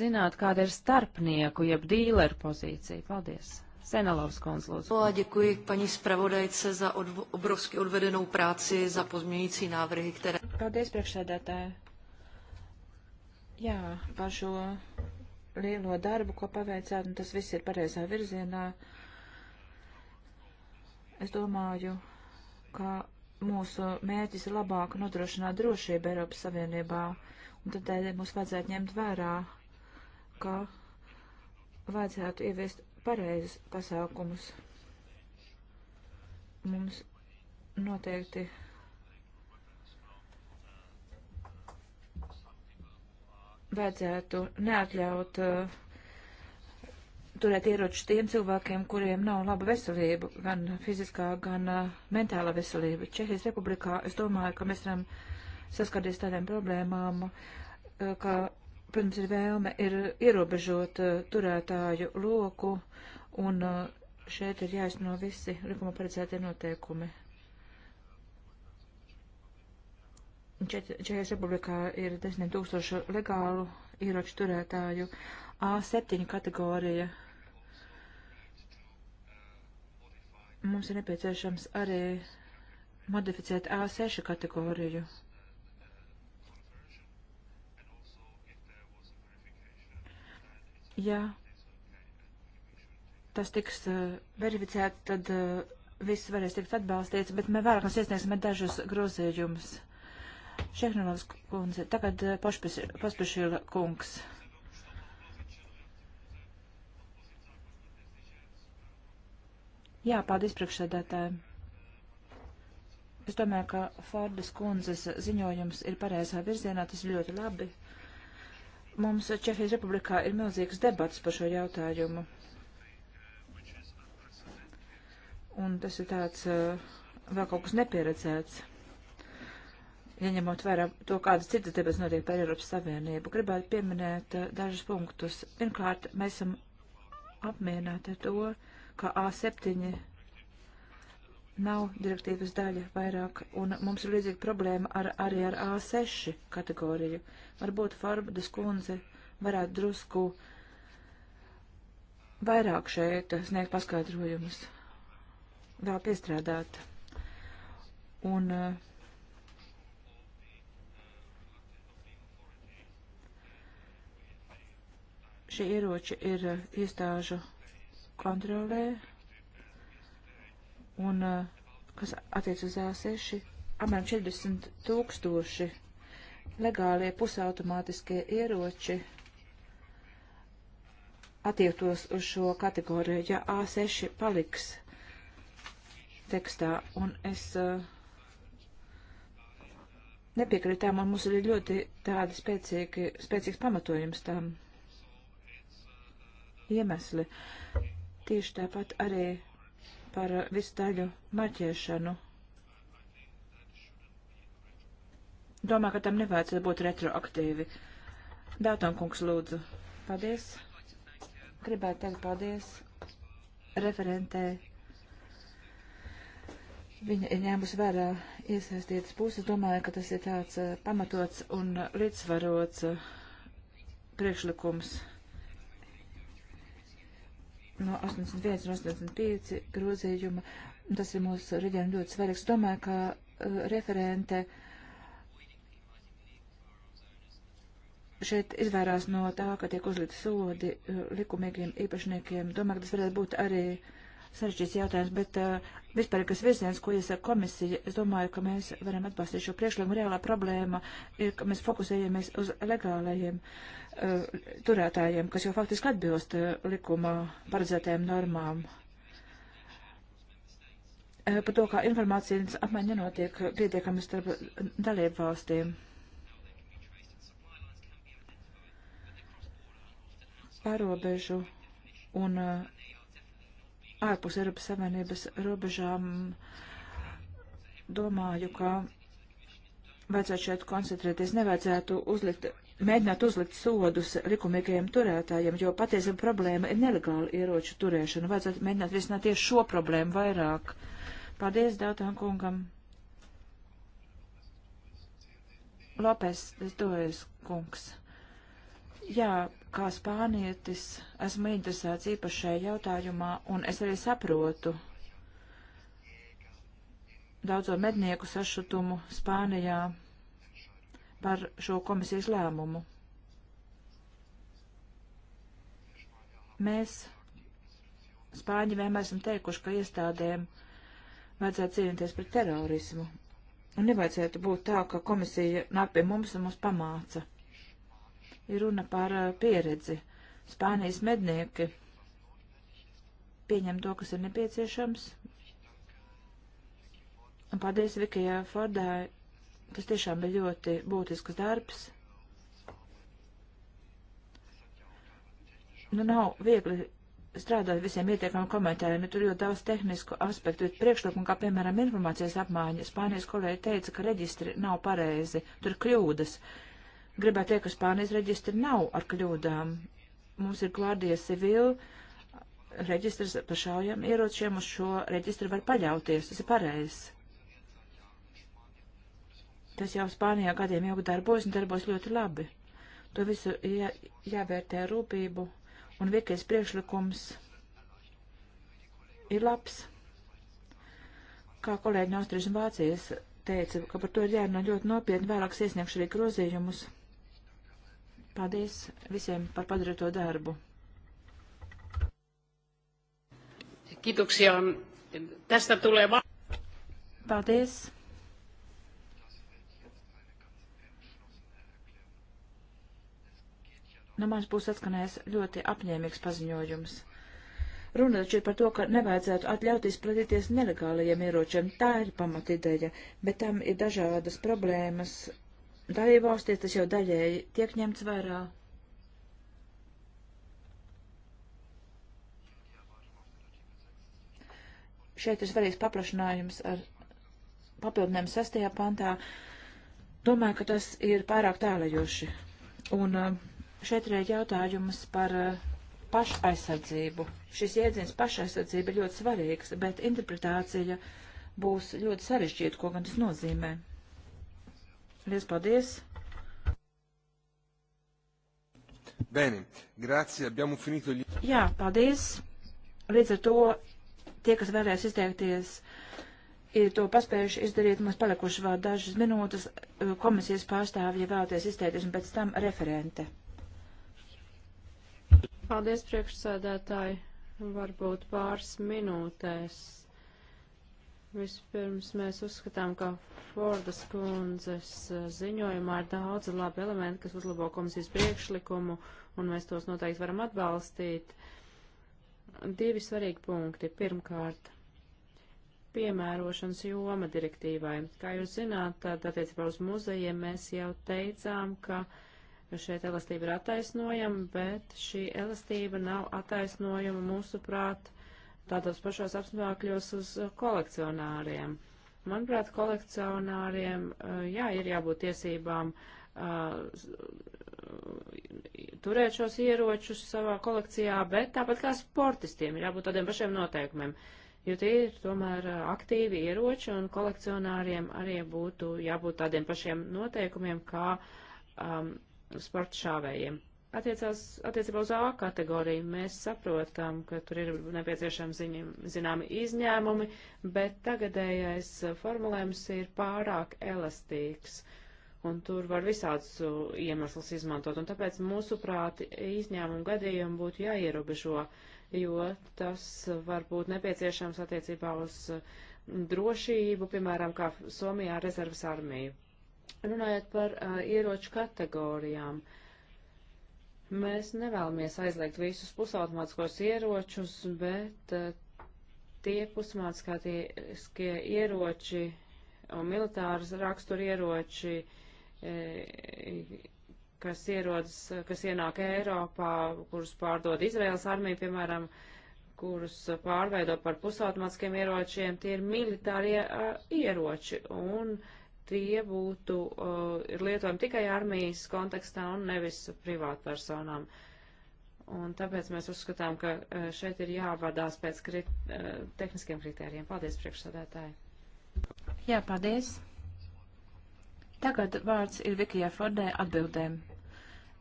zināt, kāda ir starpnieku, jeb dīleru pozīcija. Paldies! Senalovs konzults. Děkuji paní spravodajce za odv obrovsky odvedenou práci, za pozměňující návrhy, které... Paldies, priekšsēdētāji. Jā, par šo lielo darbu, ko paveicāt, un tas viss ir pareizā virzienā. Es domāju, ka mūsu mērķis ir labāk nodrošināt drošību Eiropas Savienībā, un tad mums vajadzētu ņemt vērā, ka vajadzētu ieviest pareizus pasākumus. Mums noteikti vajadzētu neatļaut uh, turēt ieročus tiem cilvēkiem, kuriem nav laba veselība, gan fiziskā, gan uh, mentāla veselība. Čehijas republikā es domāju, ka mēs varam saskarties tādām problēmām, uh, ka Protams, ir vēlme ir ierobežot uh, turētāju loku, un uh, šeit ir jāizno visi likuma paredzētie noteikumi. Čehijas republikā ir desmit tūkstoši legālu ieroču turētāju, A7 kategorija. Mums ir nepieciešams arī modificēt A6 kategoriju. ja tas tiks uh, verificēts, tad uh, viss varēs tikt atbalstīts, bet mēs vairāk mēs iesniegsim dažus grozījumus. Šehnulovs kundze, tagad uh, eh, Pašpišila kungs. Jā, paldies priekšsēdētājiem. Es domāju, ka Fordas kundzes ziņojums ir pareizā virzienā, tas ir ļoti labi. Mums Čehijas Republikā ir milzīgs debats par šo jautājumu. Un tas ir tāds eh, vēl kaut kas nepieredzēts. Ieņemot ja vērā to, kādas citas debats notiek par Eiropas Savienību, gribētu pieminēt eh, dažus punktus. Pirmkārt, mēs esam apmierināti ar to, ka A7 nav direktīvas daļa vairāk, un mums ir līdzīga problēma ar, arī ar A6 kategoriju. Varbūt Farbadas kundze varētu drusku vairāk šeit sniegt paskaidrojumus, vēl piestrādāt. Un uh, šie ieroči ir eh, iestāžu kontrolē, un eh, kas attiec uz A6, apmēram 40 tūkstoši legālie pusautomātiskie ieroči attiektos uz šo kategoriju, ja A6 paliks tekstā, un es uh, eh, nepiekrītu tām, un mums ir ļoti tādi spēcīgi, spēcīgs pamatojums tām iemesli. Tieši tāpat arī par visu daļu marķēšanu. Domā, ka tam nevajadzētu būt retroaktīvi. Dātonkungs lūdzu. Paldies. Gribētu teikt paldies referentē. Viņa ir ņēmusi vērā iesaistītas puses. Domāju, ka tas ir tāds pamatots un līdzsvarots priekšlikums no 85 un 85 grozījuma. Tas ir mūsu reģionu ļoti svarīgs. Domāju, ka uh, referente šeit izvairās no tā, ka tiek uzlikti sodi uh, likumīgiem īpašniekiem. Domāju, ka tas varētu būt arī uh, sarežģīts jautājums, bet uh, eh, vispārīgas virziens, ko iesaka komisija, es domāju, ka mēs varam atbalstīt šo priekšlikumu. Reālā problēma ir, ka mēs fokusējamies uz legālajiem uh, turētājiem, kas jau faktiski atbilst uh, likuma paredzētajām normām. Uh, par to, kā informācijas apmaiņa nenotiek pietiekami starp dalību valstīm. Pārobežu un uh, ārpus Eiropas Savienības robežām. Domāju, ka vajadzētu šeit koncentrēties, nevajadzētu uzlikt, mēģināt uzlikt sodus likumīgajiem turētājiem, jo patiesībā problēma ir nelegāla ieroču turēšana. Vajadzētu mēģināt risināt tieši šo problēmu vairāk. Paldies Dautam kungam. Lopes, es to es kungs. Jā, kā spānietis, esmu interesēts īpašai jautājumā, un es arī saprotu daudzo mednieku sašutumu Spānijā par šo komisijas lēmumu. Mēs, Spāņi, vienmēr esam teikuši, ka iestādēm vajadzētu cīnīties pret terorismu. Un nevajadzētu būt tā, ka komisija nāk pie mums un mūs pamāca ir runa par uh, pieredzi. Spānijas mednieki pieņem to, kas ir nepieciešams. Un paldies Vikijā Fordai. Tas tiešām bija ļoti būtisks darbs. Nu, nav viegli strādāt visiem ietiekamiem komentāriem, tur ļoti daudz tehnisku aspektu, bet priekšlikumu, kā piemēram informācijas apmaiņa, Spānijas kolēģi teica, ka reģistri nav pareizi, tur kļūdas. Uh, Gribētu teikt, ka Spānijas reģistri nav ar kļūdām. Mums ir Glārdija Civil reģistrs par šaujam ieročiem, uz šo reģistru var paļauties. Tas ir pareizs. Tas jau Spānijā gadiem ilgi darbojas un darbojas ļoti labi. To visu jā, jāvērtē rūpību, un virkais priekšlikums ir labs. Kā kolēģi no Austrijas un Vācijas teica, ka par to ir jārunā ļoti nopietni, vēlāk iesniegšu arī grozījumus. Paldies visiem par padarīto darbu. Kiitoksia. Tästä tulee va- Paldies. No mans būs atskanējis ļoti apņēmīgs paziņojums. Runa taču ir par to, ka nevajadzētu atļaut izplatīties nelegālajiem ieročiem. Tā ir pamatideja, bet tam ir dažādas problēmas dalībvalstīs tas jau daļēji tiek ņemts vērā. Šeit ir svarīgs paplašinājums ar papildinājumu sestajā pantā. Domāju, ka tas ir pārāk tālajoši. Un eh, šeit ir jautājums par eh, pašaizsardzību. Šis jēdziens pašaizsardzība ir ļoti svarīgs, bet interpretācija būs ļoti sarežģīta, ko gan tas nozīmē. Lies paldies! Bene, grazie, abbiamo finito gli... Jā, paldies. Līdz ar to tie, kas vēlējās izteikties, ir to paspējuši izdarīt. Mums palikuši vēl dažas minūtes. Komisijas pārstāvja vēlties izteikties un pēc tam referente. Paldies, priekšsēdētāji. Varbūt pāris minūtēs Vispirms mēs uzskatām, ka Fordas kundzes eh, ziņojumā ir daudz labi elementi, kas uzlabo komisijas priekšlikumu, un mēs tos noteikti varam atbalstīt. Divi svarīgi punkti. Pirmkārt, piemērošanas joma direktīvai. Kā jūs zināt, tad attiecībā uz muzejiem mēs jau teicām, ka šeit elastība ir attaisnojama, bet šī elastība nav attaisnojama mūsuprāt. prāt tādos pašos apstākļos uz uh, kolekcionāriem. Manuprāt, kolekcionāriem, uh, jā, ir jābūt tiesībām uh, turēt šos ieročus savā kolekcijā, bet tāpat kā sportistiem ir jābūt tādiem pašiem noteikumiem, jo tie ir tomēr aktīvi ieroči un kolekcionāriem arī būtu jābūt tādiem pašiem noteikumiem kā um, sporta šāvējiem. Attiecās, attiecībā uz A kategoriju mēs saprotam, ka tur ir nepieciešami ziņi, zināmi izņēmumi, bet tagadējais formulējums ir pārāk elastīgs, un tur var visādus iemeslus izmantot, un tāpēc mūsuprāt izņēmumu gadījumu būtu jāierobežo, jo tas var būt nepieciešams attiecībā uz drošību, piemēram, kā Somijā rezervas armiju. Runājot par uh, ieroču kategorijām. Uh, Mēs nevēlamies aizliegt visus pusautomātiskos ieročus, bet eh, tie pusautomātiskie ieroči un militāras rakstura ieroči, eh, kas ierodas, kas ienāk Eiropā, kurus pārdod Izraels armija, piemēram, kurus pārveido par pusautomātiskiem ieročiem, tie ir militārie eh, ieroči. Un, uh, tie būtu, uh, ir lietojami tikai armijas kontekstā un nevis privātpersonām. Un tāpēc mēs uzskatām, ka uh, šeit ir jāvadās pēc krit, uh, tehniskiem kritērijiem. Paldies, priekšsādātāji. Jā, paldies. Tagad vārds ir Vikijā Fordē atbildēm.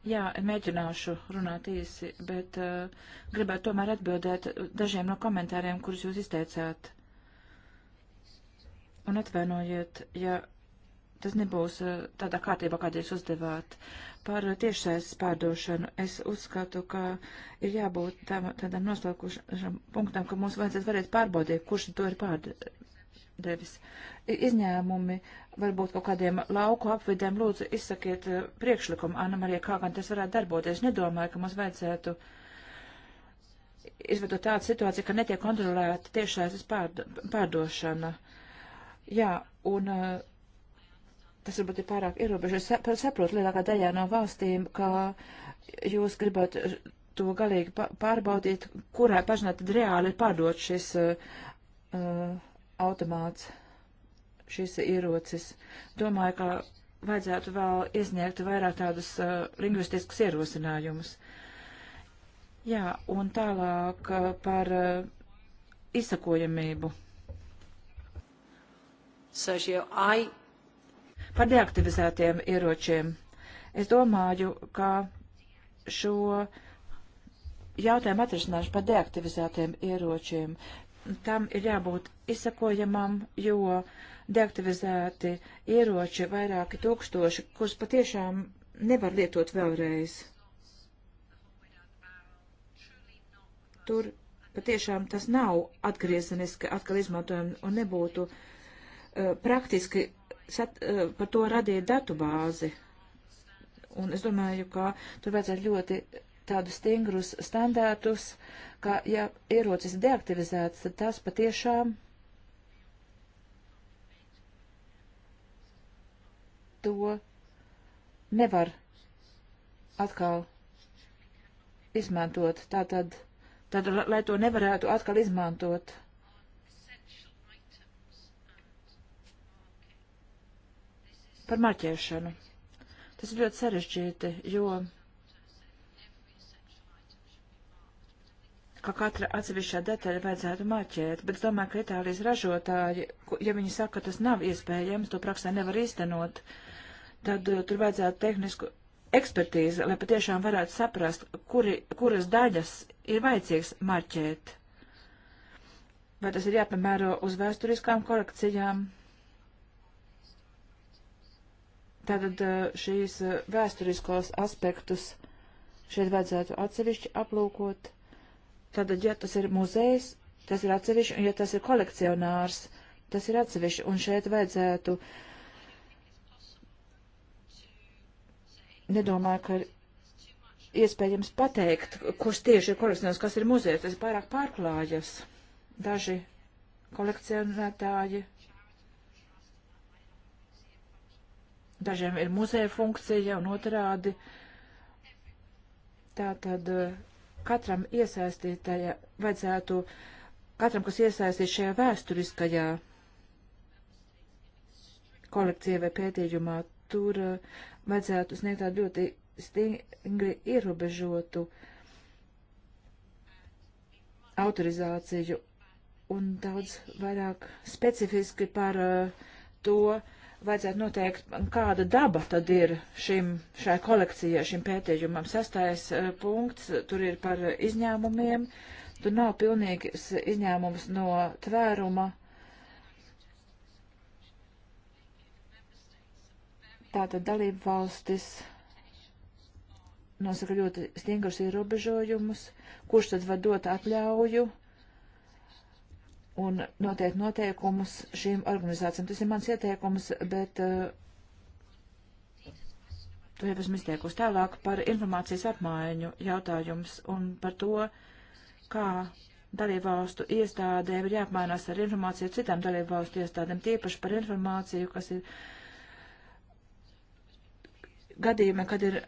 Jā, mēģināšu runāt īsi, bet uh, gribētu tomēr atbildēt dažiem no komentāriem, kurus jūs izteicāt. Un atvainojiet, ja tas nebūs eh, tādā kārtībā, kādā jūs uzdevāt. Par tiešsaistes pārdošanu es uzskatu, ka ir jābūt tam, tādam noslēgušam punktam, ka mums vajadzētu varēt pārbaudīt, kurš to ir pārdevis. Izņēmumi varbūt kaut kādiem lauku apvidēm lūdzu izsakiet eh, priekšlikumu, Anna Marija, kā gan tas varētu darboties. Nedomāju, ka mums vajadzētu izvedot tādu situāciju, ka netiek kontrolēta tiešsaistes pārdošana. Jā, un uh, tas varbūt ir pārāk ierobežots. Es saprotu lielākā daļā no valstīm, ka jūs gribat to galīgi pārbaudīt, kurā pažnā tad reāli ir pārdot šis uh, uh, automāts, šis ierocis. Domāju, ka vajadzētu vēl iesniegt vairāk tādus uh, lingvistiskus ierosinājumus. Jā, un tālāk uh, par uh, izsakojamību. Sergio, I Par deaktivizētiem ieročiem. Es domāju, ka šo jautājumu atrisināšu par deaktivizētiem ieročiem. Tam ir jābūt izsakojamam, jo deaktivizēti ieroči vairāki tūkstoši, kurus patiešām nevar lietot vēlreiz. tur patiešām tas nav atgriezeniski atkal izmantojami un nebūtu uh, praktiski sat, eh, par to radīja datu bāzi. Un es domāju, ka tur vajadzētu ļoti tādus stingrus standārtus, ka, ja ierocis deaktivizēts, tad tas patiešām to nevar atkal izmantot. Tātad, tad, lai to nevarētu atkal izmantot par marķēšanu. Tas ir ļoti sarežģīti, jo ka katra atsevišķā detaļa vajadzētu marķēt, bet es domāju, ka Itālijas ražotāji, ja viņi saka, ka tas nav iespējams, to praksē nevar īstenot, tad eh, tur vajadzētu tehnisku ekspertīzi, lai patiešām varētu saprast, kuri, kuras daļas ir vajadzīgs marķēt. Vai tas ir jāpiemēro uz vēsturiskām korekcijām? Tātad šīs vēsturiskos aspektus šeit vajadzētu atsevišķi aplūkot. Tātad, ja tas ir muzejs, tas ir atsevišķi, un ja tas ir kolekcionārs, tas ir atsevišķi, un šeit vajadzētu. Nedomāju, ka ir iespējams pateikt, kurš tieši ir kolekcionārs, kas ir muzejs, tas pārāk pārklājas. Daži kolekcionētāji Dažiem ir muzeja funkcija un otrādi. Tātad eh, katram iesaistītajā vajadzētu, katram, kas iesaistīs šajā vēsturiskajā kolekcijā vai pētījumā, tur eh, vajadzētu sniegt tādu ļoti stingri ierobežotu autorizāciju un daudz vairāk specifiski par uh, to, uh, vajadzētu noteikt, kāda daba tad ir šim, šai kolekcijai, šim pētījumam. Sastais eh, punkts, tur ir par izņēmumiem. Tur nav pilnīgs izņēmums no tvēruma. Tātad dalību valstis nosaka ļoti stingrus ierobežojumus, kurš tad var dot atļauju un notiek noteikumus šīm organizācijām. Tas ir mans ieteikums, bet uh, eh, tu jau esmu izteikusi tālāk par informācijas apmaiņu jautājums un par to, kā dalībvalstu iestādēm ir jāapmainās ar informāciju ar citām dalībvalstu iestādēm, tiepaši par informāciju, kas ir gadījumi, kad ir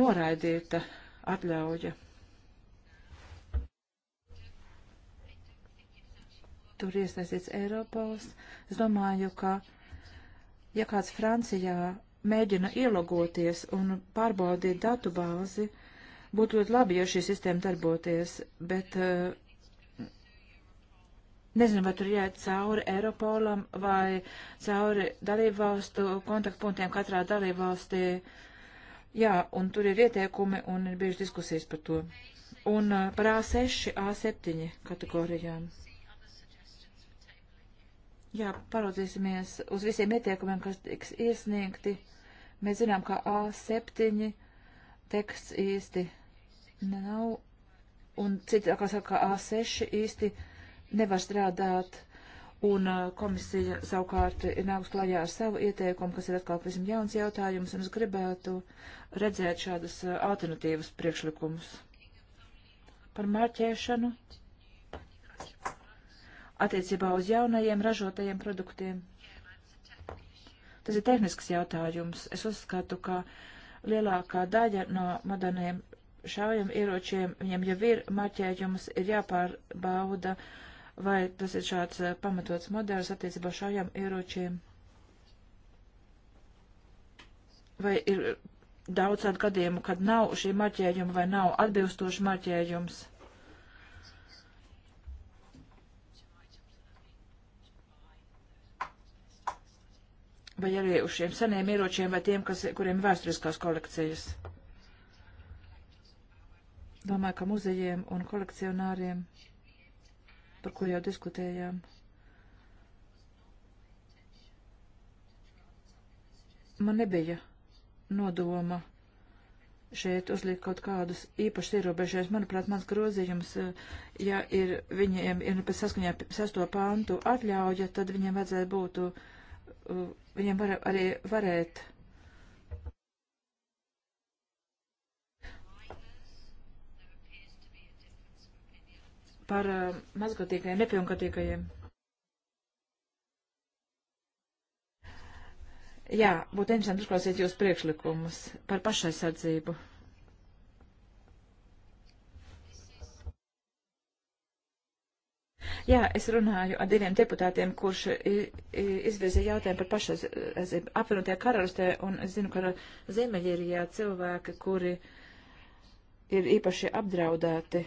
noraidīta atļauja. tur iesaistīts Eiropols. Es domāju, ka ja kāds Francijā mēģina ielogoties un pārbaudīt datu bāzi, būtu ļoti labi, ja šī sistēma darboties, bet uh, nezinu, vai tur jāiet cauri Eiropolam vai cauri dalībvalstu kontaktpunktiem katrā dalībvalstī. Jā, un tur ir ieteikumi un ir bijušas diskusijas par to. Un uh, par A6, A7 kategorijām. Jā, parodzīsimies uz visiem ieteikumiem, kas tiks iesniegti. Mēs zinām, ka A7 teksts īsti nav, un citā, kā saka, A6 īsti nevar strādāt, un uh, komisija savukārt ir nākus klajā ar savu ieteikumu, kas ir atkal pavisam jauns jautājums, un es gribētu redzēt šādas uh, alternatīvas priekšlikumus. Par mārķēšanu attiecībā uz jaunajiem ražotajiem produktiem? Tas ir tehnisks jautājums. Es uzskatu, ka lielākā daļa no moderniem šaujam ieročiem, viņiem jau ir marķējums, ir jāpārbauda, vai tas ir šāds eh, pamatots modelis attiecībā šaujam ieročiem. Vai ir daudz tādu gadījumu, kad nav šī marķējuma vai nav atbilstoši marķējums? vai arī uz šiem seniem ieročiem, vai tiem, kas, kuriem vēsturiskās kolekcijas. Domāju, ka muzejiem un kolekcionāriem, par ko jau diskutējām, man nebija nodoma šeit uzlikt kaut kādus īpašus ierobežojumus. Manuprāt, mans grozījums, ja ir viņiem ir nu pēc saskaņā 6. pāntu atļauja, tad viņiem vajadzētu būtu uh, viņiem var, arī varētu par uh, mazgadīgajiem, nepilngadīgajiem. Jā, būtu interesanti uzklausīt jūsu priekšlikumus par pašaizsardzību. Jā, es runāju ar diviem deputātiem, kurš izvirzīja jautājumu par pašas apvienotajā karalistē, un es zinu, ka Ziemeļierijā cilvēki, kuri ir īpaši apdraudēti,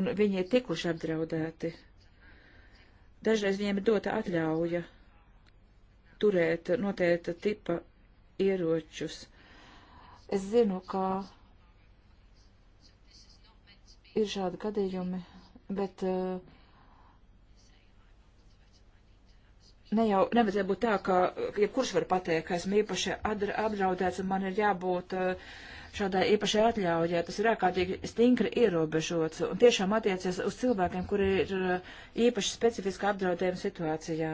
un viņi ir tikuši apdraudēti. Dažreiz viņiem ir dota atļauja turēt noteikta tipa ieročus. Es zinu, ka ir šādi gadījumi, bet uh, ne jau nevajadzētu būt tā, ka jebkurš var pateikt, ka esmu īpaši apdraudēts un man ir jābūt eh, šādai īpašai atļaujai. Tas ir ārkārtīgi stingri ierobežots un tiešām attiecies uz cilvēkiem, kuri ir eh, īpaši specifiski apdraudējuma situācijā.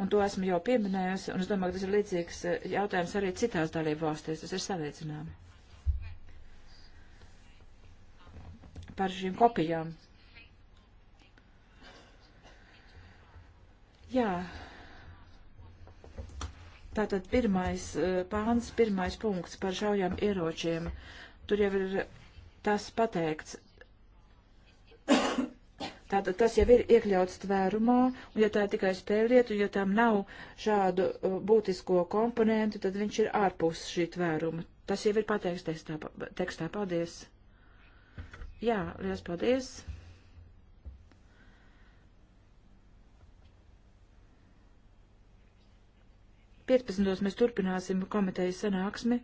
Un to esmu jau pieminējusi, un es domāju, ka tas ir līdzīgs eh, jautājums arī citās dalību valstīs. Tas ir salīdzināms. Par šīm kopijām. Jā, Tātad pirmais eh, pāns, pirmais punkts par šaujam ieročiem. Tur jau ir tas pateikts. Tātad tas jau ir iekļauts tvērumā, un ja tā ir tikai spēlieta, un ja tam nav šādu uh, būtisko komponentu, tad viņš ir ārpus šī tvēruma. Tas jau ir pateikts tekstā. tekstā. Paldies! Jā, liels paldies! 15. mēs turpināsim komitejas sanāksmi